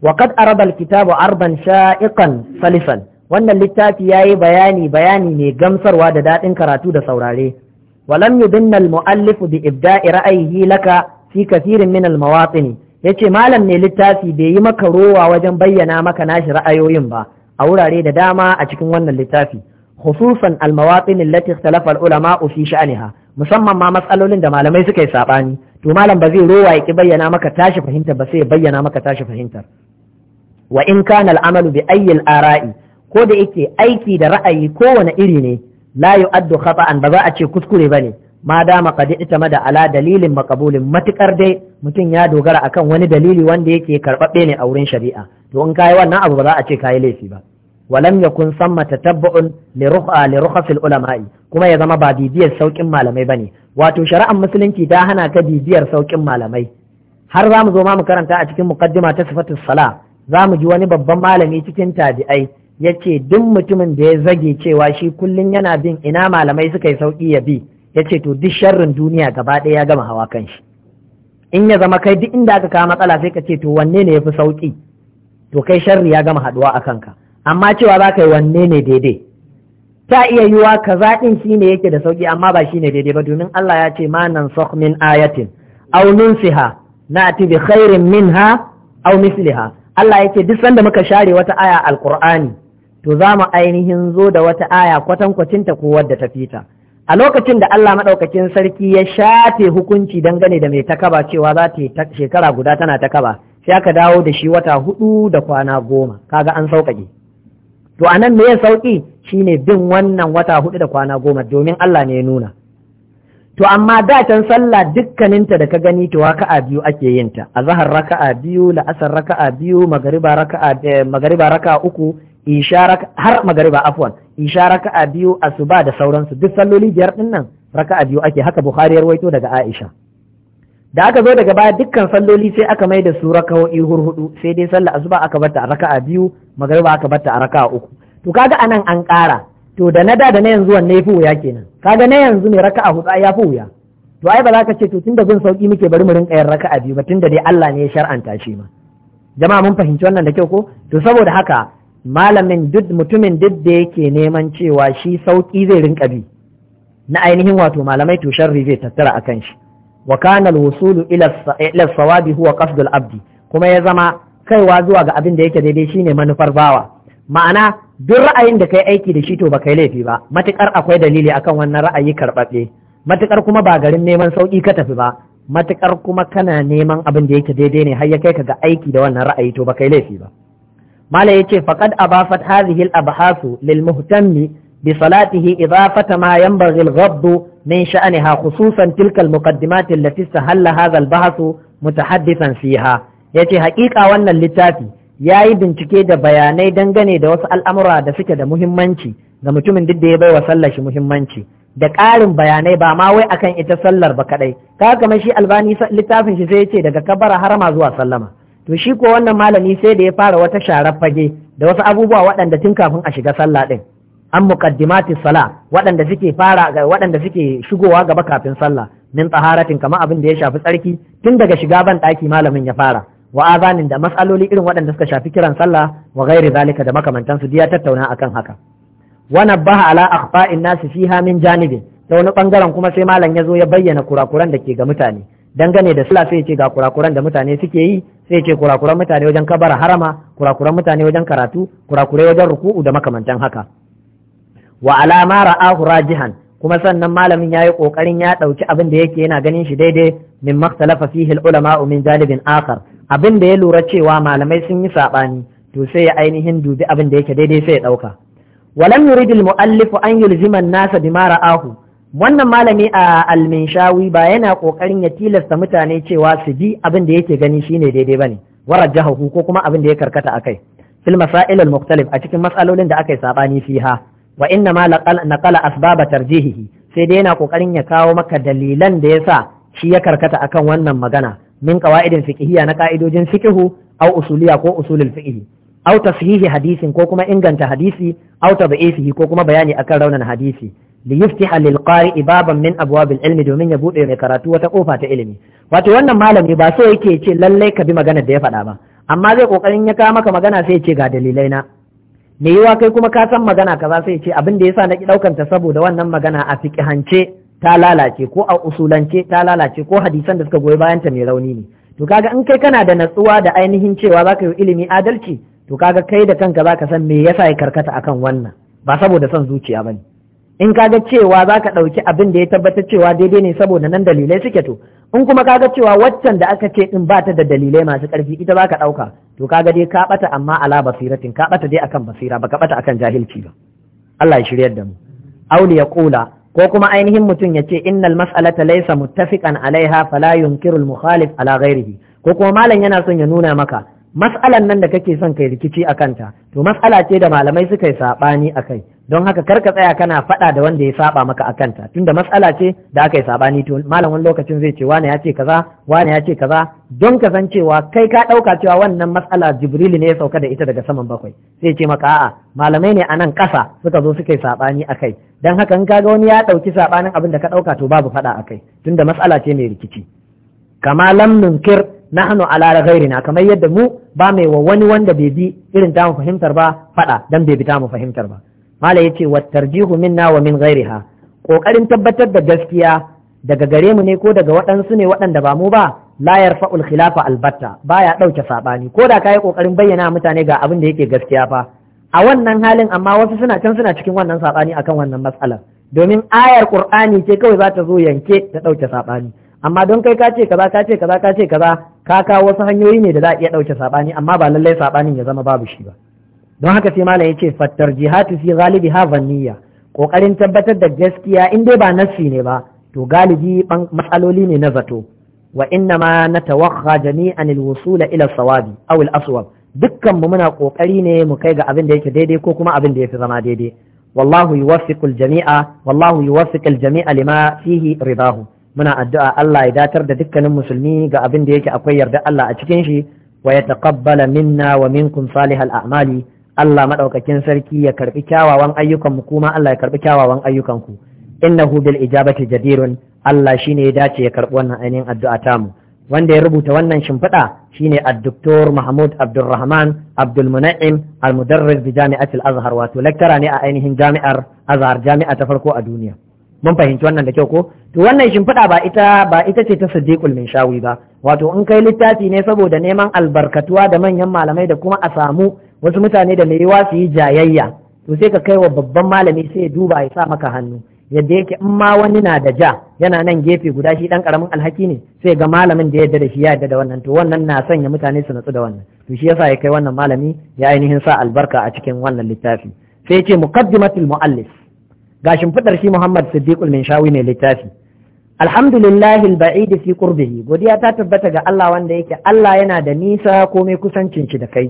wa qad kitabu arban sha'iqan salisan, wannan littafi yayi bayani bayani ne gamsarwa da dadin karatu da saurare walam yudinna al bi ibda'i ra'ayihi laka fi kathirin min al ya yace malam ne littafi bai yi maka rowa wajen bayyana maka nashi ra'ayoyin ba a wurare da dama a cikin wannan littafi khususan al allati ikhtalafa al-ulama fi sha'niha musamman ma matsalolin da malamai suka yi saɓani to malam ba zai rowa ya ki bayyana maka tashi fahimtar ba sai ya bayyana maka tashi fahimtar wa in kana al'amalu bi ayyil ara'i ko da yake aiki da ra'ayi kowane iri ne la yu'addu khata'an ba za a ce kuskure bane ma dama qad da ala dalilin maqbulin matukar dai mutum ya dogara akan wani dalili wanda yake karbabbe ne a wurin shari'a to in kai wannan abu ba za a ce kai laifi ba walam yakun samma tatabbu'un li ruha li ruhasil ulama'i kuma ya zama ba bibiyar saukin malamai bane wato shari'ar musulunci ta hana ka bibiyar saukin malamai har za mu zo ma mu karanta a cikin muqaddima ta sifatus sala za mu ji wani babban malami cikin tabi'ai ya ce duk mutumin da ya zage cewa shi kullum yana bin ina malamai suka yi sauƙi ya bi ya ce to duk sharrin duniya gaba ɗaya ya gama hawa kan shi in ya zama kai duk inda aka kawo matsala sai ka ce to wanne ne ya fi sauƙi to kai sharri ya gama haɗuwa a kanka amma cewa za ka yi wanne ne daidai ta iya yiwa kaza shi ne yake da sauƙi, amma ba shi ne daidai ba domin Allah ya ce ma nan sok min ayatin aw nunsiha ati bi khairin minha au misliha Allah yake duk sanda muka share wata aya alqur'ani to za mu ainihin zo da wata aya kwatankwacin ta ko wadda ta fita a lokacin da Allah madaukakin sarki ya shafe hukunci dangane da mai takaba cewa za ta yi shekara guda tana takaba sai aka dawo da shi wata hudu da kwana goma kaga an sauƙaƙe to anan me ya sauki shine bin wannan wata hudu da kwana goma domin Allah ne ya nuna to amma da can sallah dukkaninta da ka gani to haka a biyu ake yin ta azhar raka'a biyu la'asar raka'a biyu magariba raka'a eh, magariba raka'a uku isha har magariba afwan isha raka'a biyu asuba da sauransu duk salloli biyar din nan raka'a biyu ake haka bukhari ya daga aisha da aka zo daga baya dukkan salloli sai aka mai da su raka'o'i hurhudu sai dai sallah azuba aka barta a raka'a biyu magariba aka barta a raka'a uku to kaga anan an ƙara to da na da da na yanzu wanne yafi wuya kenan kaga na yanzu mai raka'a hudu ya yafi wuya to ai ba za ka ce to tunda bin sauki muke bari mu rinka yin raka'a biyu ba tunda dai Allah ne ya shar'anta shi ma jama'a mun fahimci wannan da kyau ko to saboda haka malamin duk mutumin duk da yake neman cewa shi sauki zai rinka bi na ainihin wato malamai to sharri zai tattara akan shi wa kana wusulu ila sawabi huwa qasdul abdi kuma ya zama kaiwa zuwa ga abin da yake daidai shine manufar bawa ma'ana duk ra'ayin da kai aiki da shi to ba kai laifi ba matukar akwai dalili akan wannan ra'ayi karɓaɓɓe matukar kuma ba garin neman sauki ka tafi ba matukar kuma kana neman abin da yake daidai ne har ya kai ka ga aiki da wannan ra'ayi to ba kai laifi ba mala yace faqad abafat hadhihi al-abhasu lil muhtammi بصلاته إضافة ما ينبغي الغض من شأنها خصوصا تلك المقدمات التي استهل هذا البحث متحدثا فيها ce haƙiƙa wannan littafi ya yi bincike da bayanai dangane da wasu al'amura da suke da muhimmanci ga mutumin duk da ya bai wa sallar shi muhimmanci da ƙarin bayanai ba ma wai akan ita sallar ba kaɗai ka kama shi albani littafin shi sai yace daga kabara harama zuwa sallama to shi ko wannan malami sai da ya fara wata sharar fage da wasu abubuwa waɗanda tun kafin a shiga sallah ɗin an muqaddimati sala waɗanda suke fara waɗanda suke shigowa gaba kafin sallah min taharatin kama abin da ya shafi tsarki tun daga shiga ban ɗaki malamin ya fara wa azanin da matsaloli irin waɗanda suka shafi kiran sallah wa ghairi zalika da makamantansu diya tattauna akan haka wa nabbaha ala akhfa'in nasi fiha min janibin ta wani bangaren kuma sai malam ya zo ya bayyana kurakuran da ke ga mutane dangane da Sallah sai ya ce ga kurakuran da mutane suke yi sai ya ce kurakuran mutane wajen kabara harama kurakuran mutane wajen karatu kurakurai wajen ruku'u da makamantan haka wa alama ra'ahu rajihan kuma sannan malamin yayi kokarin ya dauki abin da yake yana ganin shi daidai min maktalafa fihi ulama min jalibin akhar abin da ya lura cewa malamai sun yi sabani to sai ya ainihin dubi abin da yake daidai sai ya dauka walam yurid al muallif an yulzima nasa bima ra'ahu wannan malami a al-minshawi ba yana kokarin ya tilasta mutane cewa su bi abin da yake gani shine daidai bane warajjahu ko kuma abin da ya karkata akai fil masail al-mukhtalif a cikin matsalolin da akai sabani fiha wa inna ma naqala asbaba tarjihihi sai dai yana kokarin ya kawo maka dalilan da yasa shi ya karkata akan wannan magana min qawaidin fiqhiyya na ka'idojin fiqhu aw usuliya ko usulul fikihi. aw tashihi hadisin ko kuma inganta hadisi aw tabi'ihi ko kuma bayani akan raunan hadisi li yuftiha lil qari'i baban min abwabil ilmi domin ya bude mai karatu wata kofa ta ilimi wato wannan malami ba so yake ce lallai ka bi magana da ya faɗa ba amma zai kokarin ya kawo maka magana sai ya ce ga dalilai na me yiwa kai kuma ka san magana kaza sai ce abin da yasa na ki daukan ta saboda wannan magana a hance ta lalace ko a usulance ta lalace ko hadisan da suka goyi bayan ta mai rauni ne to kaga in kai kana da natsuwa da ainihin cewa zaka yi ilimi adalci to kaga kai da kanka zaka san me yasa ya karkata akan wannan ba saboda son zuciya bane in kaga cewa zaka dauki abin da ya tabbatar cewa daidai ne saboda nan dalilai suke to in kuma kaga cewa waccan da aka ce din ba ta da dalilai masu karfi ita zaka dauka to kaga dai ka bata amma ala basiratin ka bata dai akan basira baka bata akan jahilci ba Allah ya shiryar da mu auli ya kula ko kuma ainihin mutum ya ce innal mas'alata laysa muttafiqan alaiha fala yunkiru al-mukhalif ala ghairihi ko kuma malam yana son ya nuna maka mas'alan nan da kake son kai rikici akan ta to mas'ala ce da malamai suka yi sabani akai don haka kar ka tsaya kana faɗa da wanda ya saba maka a kanta tunda matsala ce da aka yi sabani to malam wani lokacin zai ce wane ya ce kaza wane ya ce kaza don ka san cewa kai ka ɗauka cewa wannan matsala jibrilu ne ya sauka da ita daga saman bakwai sai ce maka a'a malamai ne a nan ƙasa suka zo suka yi sabani a kai don haka in kaga wani ya ɗauki sabanin abin da ka ɗauka to babu faɗa a kai tunda matsala ce mai rikici kama lam nunkir nahnu ala ghairina kamar yadda mu ba mai wa wani wanda bai bi irin ta mu fahimtar ba faɗa dan bai bi ta mu fahimtar ba mala yace ce tarjihu minna wa min ghairiha kokarin tabbatar da gaskiya daga gare mu ne ko daga waɗansu ne waɗanda ba mu ba la yarfa'ul khilafa albatta baya dauke sabani ko da kai kokarin bayyana mutane ga abin da yake gaskiya fa a wannan halin amma wasu suna can suna cikin wannan sabani akan wannan matsalar domin ayar qur'ani ce kawai za ta zo yanke ta dauke sabani amma don kai ka ce kaza ka ce kaza ka ce kaza ka kawo wasu hanyoyi ne da za a iya dauke sabani amma ba lallai sabanin ya zama babu shi ba don haka sai malam yace fattar jihati fi galibi ha vanniya kokarin tabbatar da gaskiya in dai ba nassi ne ba to galibi matsaloli ne na zato wa inna ma natawakha jami'an alwusula ila sawabi aw al-aswab dukkan mu muna kokari ne mu kai ga abin da yake daidai ko kuma abin da yafi zama daidai wallahu yuwaffiqu al-jami'a wallahu yuwaffiqu al-jami'a lima fihi ridahu muna addu'a Allah ya datar da dukkanin musulmi ga abin da yake akwai yarda Allah a cikin shi wa yataqabbala minna wa minkum salihal a'mali Allah maɗaukakin sarki ya karbi kyawawan ayyukan kuma Allah ya karbi kyawawan ayyukan ku innahu bil ijabati jadirun Allah shine ya dace ya karbi wannan ainihin addu'a tamu wanda ya rubuta wannan shimfiɗa shine addoktor Mahmud Abdulrahman Abdulmuna'im al-mudarris bi jami'at al-Azhar wato lecturer ne a ainihin jami'ar Azhar jami'a ta farko a duniya mun fahimci wannan da kyau ko to wannan shimfiɗa ba ita ba ita ce ta Siddiqul Minshawi ba wato in kai littafi ne saboda neman albarkatuwa da manyan malamai da kuma a samu wasu mutane da mai yiwa su yi jayayya to sai ka kai wa babban malami sai ya duba ya sa maka hannu yadda yake in ma wani na da ja yana nan gefe guda shi dan karamin alhaki ne sai ga malamin da yadda da shi ya yadda da wannan to wannan na sanya mutane su natsu da wannan to shi yasa ya kai wannan malami ya ainihin sa albarka a cikin wannan littafi sai ya ce muqaddimatul muallif gashin fidar shi Muhammad Siddiqul Minshawi mai littafi alhamdulillahi al-ba'id fi qurbihi godiya ta tabbata ga Allah wanda yake Allah yana da nisa komai kusancin shi da kai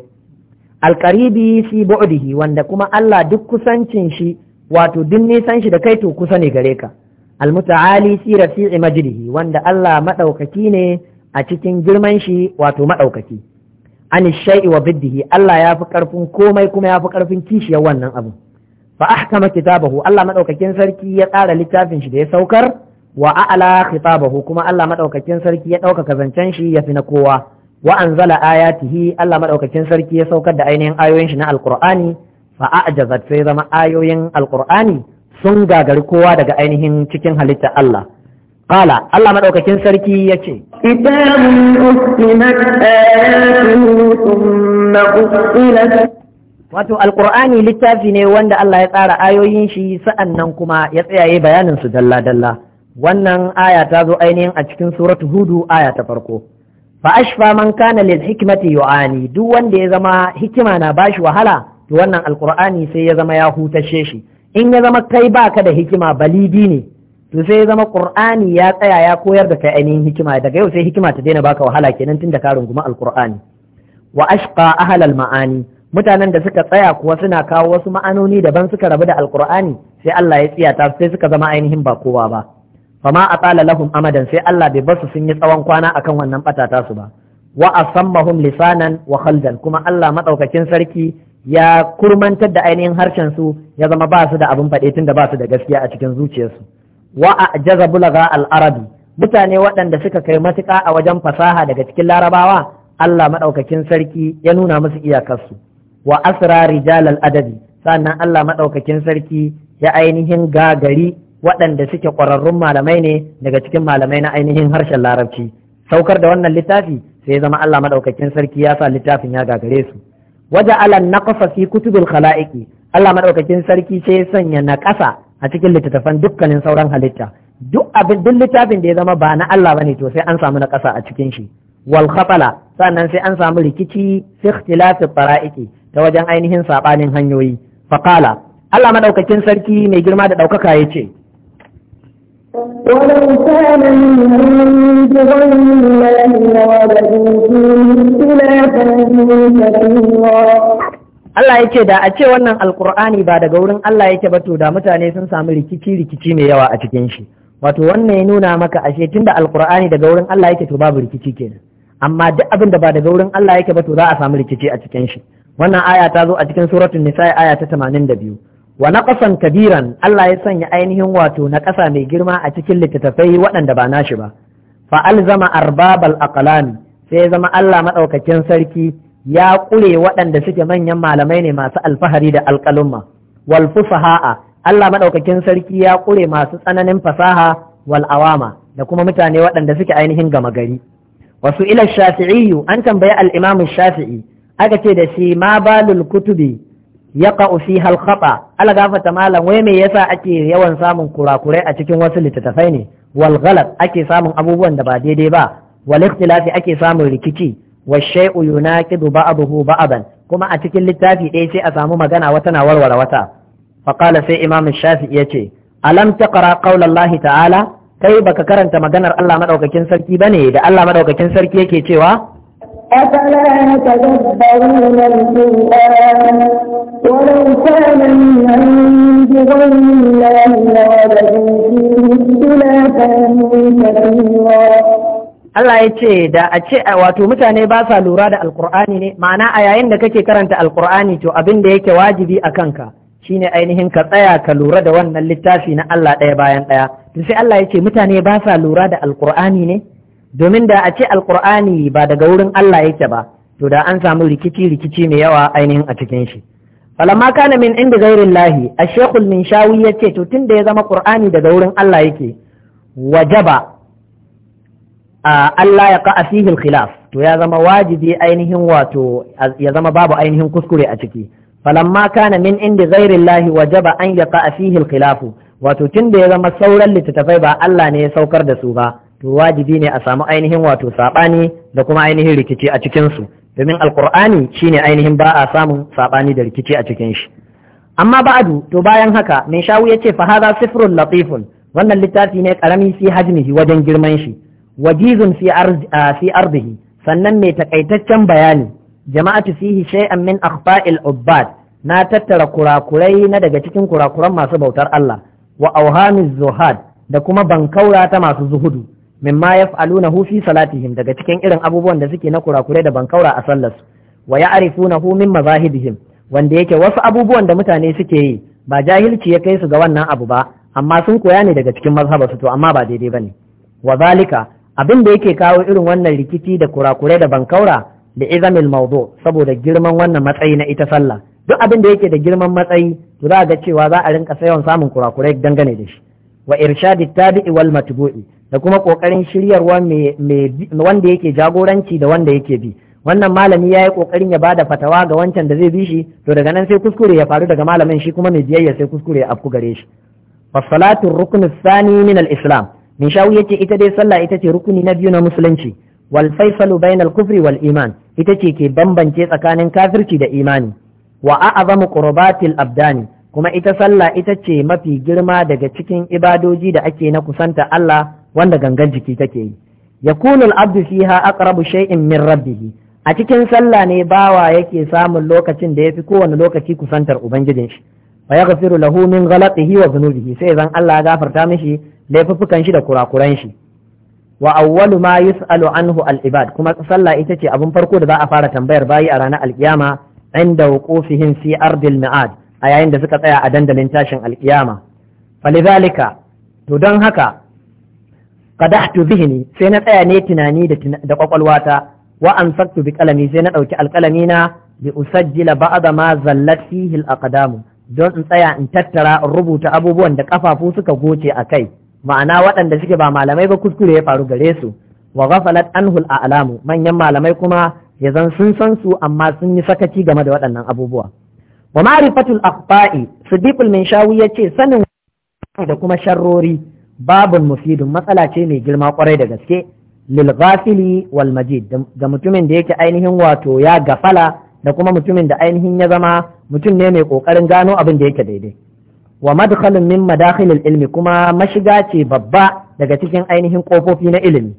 Alƙaribi fi bu'dihi wanda kuma Allah duk kusancin shi wato duk nisan shi da kai to kusa ne gare ka almuta'ali fi rafi'i majdihi wanda Allah madaukaki ne a cikin girman shi wato madaukaki an shay'i wa biddihi Allah ya fi karfin komai kuma ya fi karfin kishiyar wannan abu fa ahkama kitabahu Allah madaukakin sarki ya tsara littafin shi da ya saukar wa a'la khitabahu kuma Allah madaukakin sarki ya ɗaukaka zancen shi ya fi na kowa wa anzala ayatihi Allah madaukakin sarki ya saukar da ainihin ayoyin shi na alqur'ani fa a'jazat sai zama ayoyin alqur'ani sun gagari kowa daga ainihin cikin halitta Allah qala Allah madaukakin sarki yace kitabun wato alqur'ani littafi ne wanda Allah ya tsara ayoyin shi sa'annan kuma ya tsayaye bayanin su dalla dalla wannan aya ta zo ainihin a cikin suratu hudu aya ta farko fa ashfa man kana lil hikmati yu'ani duk wanda ya zama hikima na bashi wahala to wannan alqur'ani sai ya zama ya hutashe shi in ya zama kai baka da hikima balidi ne to sai ya zama qur'ani ya tsaya ya koyar da kai ainihin hikima daga yau sai hikima ta daina baka wahala kenan tun da ka runguma alqur'ani wa ashqa ahal al ma'ani mutanen da suka tsaya kuwa suna kawo wasu ma'anoni daban suka rabu da alqur'ani sai Allah ya tsiyata sai suka zama ainihin ba kowa ba fama atala lahum amadan sai Allah bai basu sun yi tsawon kwana akan wannan batata su ba wa asammahum lisanan wa khaldan kuma Allah madaukakin sarki ya kurmantar da ainihin harshen su ya zama ba su da abin faɗe tunda ba su da gaskiya a cikin zuciyarsu wa ajaza bulaga al-arabi mutane waɗanda suka kai matuƙa a wajen fasaha daga cikin larabawa Allah maɗaukakin sarki ya nuna musu iyakarsu wa asra rijal al-adabi sannan Allah maɗaukakin sarki ya ainihin gagari waɗanda suke ƙwararrun malamai ne daga cikin malamai na ainihin harshen larabci saukar da wannan littafi sai zama Allah madaukakin sarki ya sa littafin ya gagare su waje alan naqasa fi kutubil khalaiqi Allah madaukakin sarki sai ya sanya na kasa a cikin littattafan dukkanin sauran halitta duk abin duk littafin da ya zama ba na Allah bane to sai an samu na kasa a cikin shi wal khatala sannan sai an samu rikici fi ikhtilafi fara'iqi ta wajen ainihin sabanin hanyoyi faqala Allah madaukakin sarki mai girma da daukaka yace ولو كان من غير الله لوجدوا فيه اختلافا كثيرا Allah ya ce da a ce wannan alkur'ani ba daga wurin Allah yake ba to da mutane sun samu rikici rikici mai yawa a cikin shi wato wannan ya nuna maka ashe tunda alkur'ani daga wurin Allah yake to babu rikici kenan amma duk abin da ba daga wurin Allah yake ba to za a samu rikici a cikin shi wannan aya ta zo a cikin suratul nisa aya ta 82 wa naqasan kabiran Allah ya sanya ainihin wato na ƙasa mai girma a cikin littattafai waɗanda ba nashi ba fa alzama arbabal aqlami sai ya zama Allah madaukakin sarki ya ƙure waɗanda suke manyan malamai ne masu alfahari da alƙalumma wal fusaha'a Allah madaukakin sarki ya ƙure masu tsananin fasaha wal awama da kuma mutane waɗanda suke ainihin gama gari wasu ila shafi'iyu an tambayi al shafi'i aka ce da shi ma balul kutubi Ya fiha halkaɓa, khata ala gafata malam wai me yasa ake yawan samun kurakurai a cikin wasu littattafai ne wal ake samun abubuwan da ba daidai ba wal ikhtilafi ake samun rikici wa shay'u yunaqidu ba'dahu ba'dan kuma a cikin littafi ɗaya sai a samu magana wata na warware wata fa qala sai imam shafi'i yace alam taqra qawla ta'ala kai baka karanta maganar Allah madaukakin sarki bane da Allah madaukakin sarki yake cewa أفلا يتدبرون القرآن ولو كان من عند غير الله لوجدوا فيه اختلافا كثيرا Allah ya ce da a ce wato mutane ba sa lura da alkur'ani ne ma'ana a yayin da kake karanta alkur'ani to abin da yake wajibi a kanka shine ainihin ka tsaya ka lura da wannan littafi na Allah ɗaya bayan ɗaya sai Allah ya ce mutane ba sa lura da alkur'ani ne domin da a ce alkur'ani ba daga wurin Allah yake ba to da an samu rikici rikici mai yawa ainihin a cikin shi falamma kana min inda gairin lahi a shekul min shawi ya ce to tun da ya zama qur'ani daga wurin Allah yake wajaba a Allah ya ka fihi khilaf to ya zama wajibi ainihin wato ya zama babu ainihin kuskure a ciki falamma kana min inda gairin lahi wajaba an ya ka fihi khilafu wato tun da ya zama sauran littattafai ba Allah ne ya saukar da su ba to wajibi ne a samu ainihin wato saɓani da kuma ainihin rikici a cikinsu domin alkur'ani shine ainihin ba a samun saɓani da rikici a cikin shi amma ba'adu to bayan haka mai shawu ya ce fahaza sifrun latifun wannan littafi ne karami fi hajmihi wajen girman shi wajizun fi ardihi sannan mai takaitaccen bayani jama'atu fihi shay'an min akhfa'il ubbad na tattara kurakurai na daga cikin kurakuran masu bautar Allah wa auhamiz zuhad da kuma bankaura ta masu zuhudu mimma yaf'alunahu fi salatihim daga cikin irin abubuwan da suke na kurakurai da bankaura a sallar su wa ya'rifunahu min mazahibihim wanda yake wasu abubuwan da mutane suke yi ba jahilci ya kai su ga wannan abu ba amma sun koya ne daga cikin mazhabarsu to amma ba daidai bane wa zalika abin da yake kawo irin wannan rikici da kurakurai da bankaura da izamil mawdu saboda girman wannan matsayi na ita sallah duk abin da yake da girman matsayi to za ga cewa za a rinka sayon samun kurakurai dangane da shi wa irshadi tabi'i wal matbu'i da kuma kokarin shiryarwa wanda yake jagoranci da wanda yake bi wannan malami ya yi kokarin ya bada fatawa ga wancan da zai bi shi to daga nan sai kuskure ya faru daga malamin shi kuma mai biyayya sai kuskure ya afku gare shi fasalatu rukun sani min al-islam min shawu yace ita dai sallah ita ce rukuni na biyu na musulunci wal faisalu bainal kufri wal iman ita ce ke bambance tsakanin kafirci da imani wa a'azamu qurbatil abdani kuma ita sallah ita ce mafi girma daga cikin ibadoji da ake na kusanta Allah wanda gangan jiki take yi yakunu al-abdu fiha aqrabu shay'in min rabbih a cikin sallah ne bawa yake samun lokacin da yafi kowane lokaci kusantar ubangijin shi wa yaghfiru lahu min ghalatihi wa dhunubihi sai zan Allah ya gafarta mishi laifukan shi da kurakuran shi wa awwalu ma yus'alu anhu al-ibad kuma sallah ita ce abun farko da za a fara tambayar bayi a ranar alkiyama inda wuqufihim fi ardil ma'ad a yayin da suka tsaya a dandalin tashin alkiyama falidhalika to don haka qadahtu zihni sai na tsaya ne tunani da kwakwalwata wa ansaktu bi qalami sai na dauki alqalami na li usajjila ba'da ma zallat fihi al don in tsaya in tattara in rubuta abubuwan da kafafu suka goce a kai ma'ana waɗanda suke ba malamai ba kuskure ya faru gare su wa ghafalat anhu a alamu manyan malamai kuma ya zan sun san su amma sun yi sakaci game da waɗannan abubuwa wa ma'rifatul Sidiqul siddiqul minshawi yace sanin da kuma sharrori babun mufidun matsala ce mai girma kwarai da gaske lil ghafili wal majid ga mutumin da yake ainihin wato ya gafala da kuma mutumin da ainihin ya zama mutum ne mai kokarin gano abin da yake daidai wa madkhalun min madakhilil ilmi kuma mashiga ce babba daga cikin ainihin kofofi na ilimi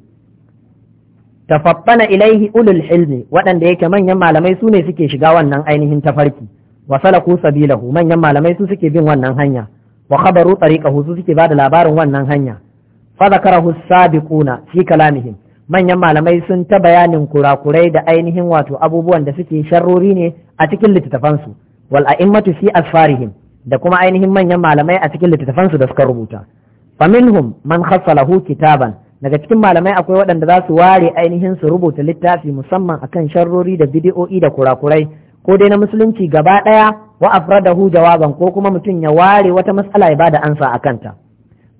tafaffana ilaihi ulul ilmi waɗanda yake manyan malamai su ne suke shiga wannan ainihin tafarki wa salaku sabilahu manyan malamai su suke bin wannan hanya wa khabaru tariqahu su suke bada labarin wannan hanya fa zakarahu sabiquna fi kalamihim manyan malamai sun ta bayanin kurakurai da ainihin wato abubuwan da suke sharrori ne a cikin littattafansu wal a'immatu fi da kuma ainihin manyan malamai a cikin littattafansu da suka rubuta faminhum man khassalahu kitaban daga cikin malamai akwai waɗanda za su ware ainihin su rubuta littafi musamman akan sharrori da bidi'o'i da kurakurai ko dai na musulunci gaba ɗaya wa afradahu jawaban ko kuma mutum ya ware wata matsala ya bada ansa a kanta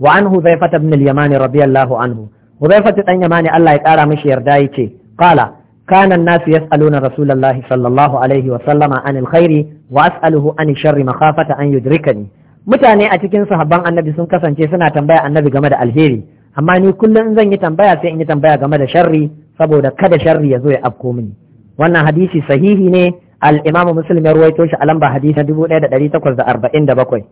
wa an huzaifata ibn al-yamani radiyallahu anhu huzaifata dan yamani Allah ya kara mishi yarda yace qala kana an-nas yas'aluna rasulullahi sallallahu alaihi wa sallama anil khairi wa as'aluhu anil sharri makhafata an yudrikani mutane a cikin sahabban annabi sun kasance suna tambaya annabi game da alheri amma ni kullum zan yi tambaya sai in yi tambaya game da sharri saboda kada sharri ya zo ya afko mini wannan hadisi sahihi ne al-imam muslim ya ruwaito shi a lamba hadisi 1847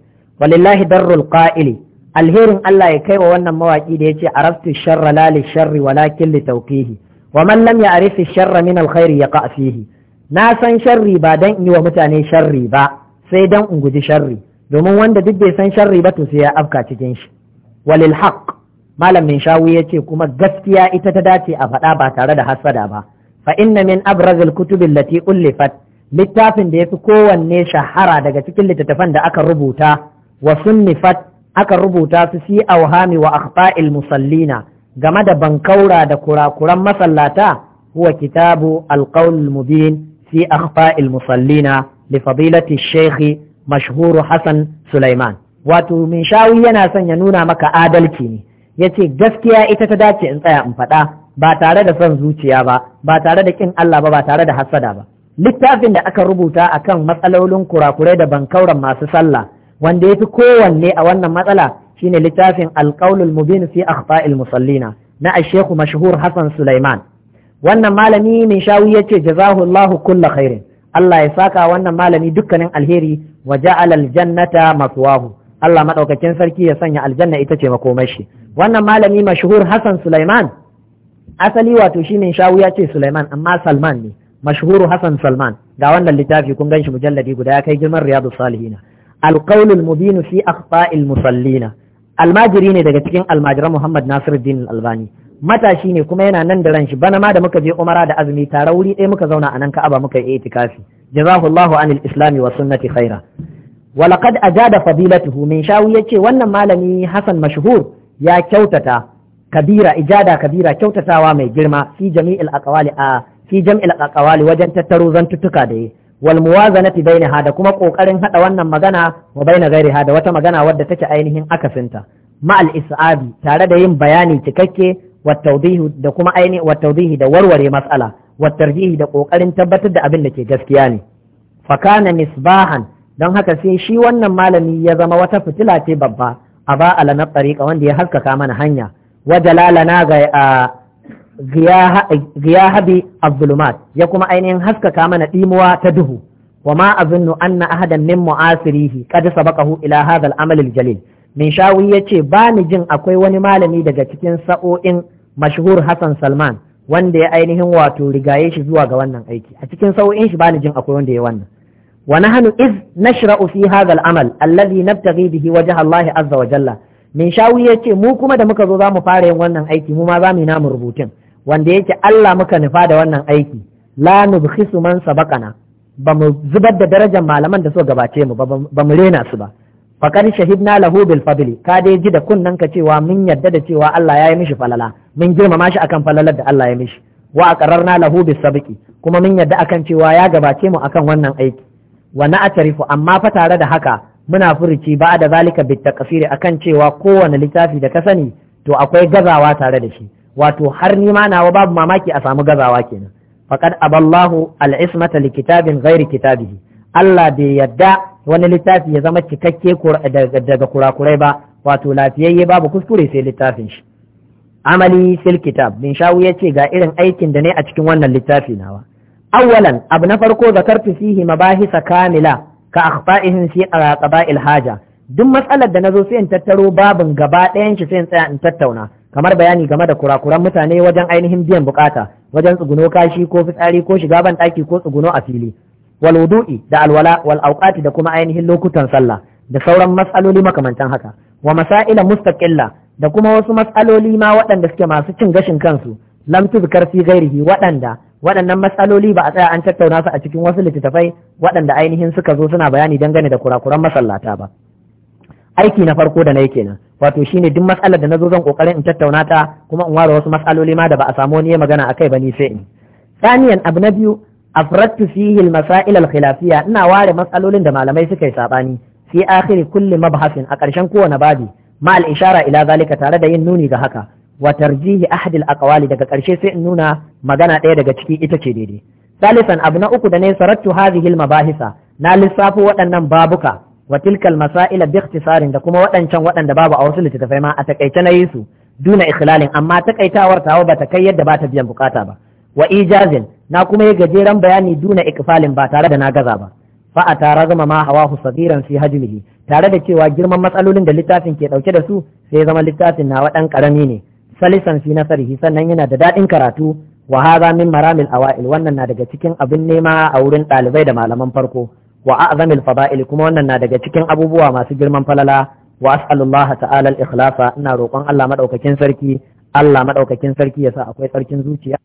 walillahi darrul qa'ili alherin Allah ya kai wa wannan mawaki da yace araftu sharra la sharri walakin li tawqihi wa man lam ya'rif sharra min alkhairi yaqa fihi na san sharri ba dan in yi wa mutane sharri ba sai dan in guji sharri domin wanda duk bai san sharri ba to sai ya afka cikin shi walil haqq malamin ya ce kuma gaskiya ita ta dace a faɗa ba tare da hasada ba fa inna min abrazil kutubin lati ullifat littafin da ya fi kowanne shahara daga cikin littattafan da aka rubuta wa sunnifat aka rubuta su fi auhami wa akhta'il musallina game da bankaura da kurakuran masallata huwa kitabu alqaul mubin fi akhta'il musallina li fadilati shaykh mashhur hasan sulaiman wato min shawi yana son ya nuna maka adalci ne yace gaskiya ita ta dace in tsaya in faɗa ba tare da son zuciya ba ba tare da kin Allah ba ba tare da hasada ba littafin da aka rubuta a kan matsalolin kurakurai da bankauran masu sallah wanda ya fi kowanne a wannan matsala shine littafin alƙaulul mubin fi akhfa'il musallina na ashekhu mashhur Hassan Sulaiman wannan malami min shawi yace jazahullahu kulla khairin Allah ya saka wannan malami dukkanin alheri wa ja'ala aljannata maswahu Allah madaukakin sarki ya sanya aljanna ita ce makomar shi wannan malami mashhur Hassan Sulaiman asali wato shi min shawi yace Sulaiman amma Salman ne mashhuru Hassan Salman ga wannan littafi kun ganshi mujalladi guda ya kai girman Riyadu Salihin al-qawl al-mubin fi akhta'il musallina almajiri ne daga cikin almajiran Muhammad Nasiruddin Albani matashi ne kuma yana nan da ranshi bana ma da muka je Umara da azumi tare wuri ɗaya muka zauna a nan Ka'aba muka yi itikafi jazahullahu anil islami wa sunnati khaira wa laqad ajada fadilatuhu min shawi ce wannan malami Hassan mashhur ya kyautata kabira ijada kabira kyautatawa mai girma fi jami'il aqwali a fi jam'il aqwali wajen tattaro zantuttuka da yi wal muwazanati bainaha da kuma kokarin hada wannan magana wa baina ghairiha da wata magana wadda take ainihin akasinta ma al isabi tare da yin bayani cikakke wa tawdihi da kuma wa tawdihi da warware mas'ala wa tarjihi da kokarin tabbatar da abin da ke gaskiya ne fa kana misbahan don haka sai shi wannan malami ya zama wata fitila ce babba a ba alana tsariƙa wanda ya haskaka mana hanya wa jalalana ga ghiyahabi abdulmat ya kuma ainihin haskaka mana dimuwa ta duhu wa ma azunnu anna ahadan min mu'asirihi qad sabaqahu ila hadha al-amal al-jalil min shawi yace ba ni jin akwai wani malami daga cikin sa'o'in mashhur Hassan Salman wanda ya ainihin wato rigaye shi zuwa ga wannan aiki a cikin sa'o'in shi ba ni jin akwai wanda ya wannan Wani hannu iz nashra'u fi hadha al-amal alladhi nabtaghi bihi wajha Allah azza wa jalla min shawi yace mu kuma da muka zo za mu fara yin wannan aiki mu ma za mu yi namu rubutun wanda yake Allah muka nufa da wannan aiki la nubkhisu man sabaqana ba mu zubar da darajar malaman da suka gabace mu ba mu rena su ba faqad shahidna lahu bil fadli ka dai ji da kunnan ka cewa mun yadda da cewa Allah ya yi mishi falala mun girmama shi akan falalar da Allah ya mishi wa aqarrarna lahu bis sabqi kuma mun yadda akan cewa ya gabace mu akan wannan aiki wa na'tarifu amma fa tare da haka muna furuci ba da zalika bitta taqsiri akan cewa kowane littafi da ka sani to akwai gazawa tare da shi wato har ni ma nawa babu mamaki a samu gazawa kenan faqad aballahu al-ismata li kitabin ghairi kitabihi Allah bai yadda wani littafi ya zama cikakke daga kurakurai ba wato lafiyayye babu kuskure sai littafin shi amali fil kitab bin shawu ce ga irin aikin da ne a cikin wannan littafi nawa awwalan abu na farko zakartu fihi mabahisa kamila ka akhfa'ihim fi qaba'il haja duk matsalar da nazo sai in tattaro babin gaba ɗayan shi sai in tsaya in tattauna kamar bayani game da kurakuran mutane wajen ainihin biyan bukata wajen tsuguno kashi ko fitsari ko shiga ban daki ko tsuguno a fili wal wudu'i da alwala wal awqati da kuma ainihin lokutan sallah da sauran matsaloli makamantan haka wa masaila mustaqilla da kuma wasu matsaloli ma waɗanda suke masu cin gashin kansu lam tuzkar fi ghairihi waɗanda waɗannan matsaloli ba a tsaya an tattauna su a cikin wasu littattafai waɗanda ainihin suka zo suna bayani dangane da kurakuran masallata ba aiki na farko da na yi kenan wato shine duk matsalar da na zo zan kokarin in tattauna ta kuma in ware wasu matsaloli ma da ba a samu wani magana kai ba ni sai in saniyan abu na biyu afrattu fihi al-masail ina ware matsalolin da malamai suka yi sabani fi akhiri kulli mabhasin a ƙarshen kowane babi ma al-ishara ila zalika tare da yin nuni ga haka wa tarjihi ahad al daga ƙarshe sai in nuna magana ɗaya daga ciki ita ce daidai salisan abu na uku da ne sarattu hadhihi al-mabahisa na lissafo waɗannan babuka wa tilkal masaila da kuma waɗancan waɗanda babu a wasu littattafai ma a takaice na yi su duna ikhlalin amma takaitawar tawa bata kai yadda bata biyan bukata ba wa ijazin na kuma yi gajeren bayani duna ikfalin ba tare da na gaza ba fa a tara zama ma hawahu sagiran fi hajmihi tare da cewa girman matsalolin da littafin ke dauke da su sai zama littafin na wadan karami ne salisan fi nasarihi sannan yana da dadin karatu wa hadha min maramil awail wannan na daga cikin abin nema a wurin dalibai da malaman farko wa a'zamil fada'il kuma wannan na daga cikin abubuwa masu girman falala wa as'alullaha ta'ala al-ikhlasa ina roƙon Allah madaukakin sarki Allah madaukakin sarki yasa akwai sarkin zuciya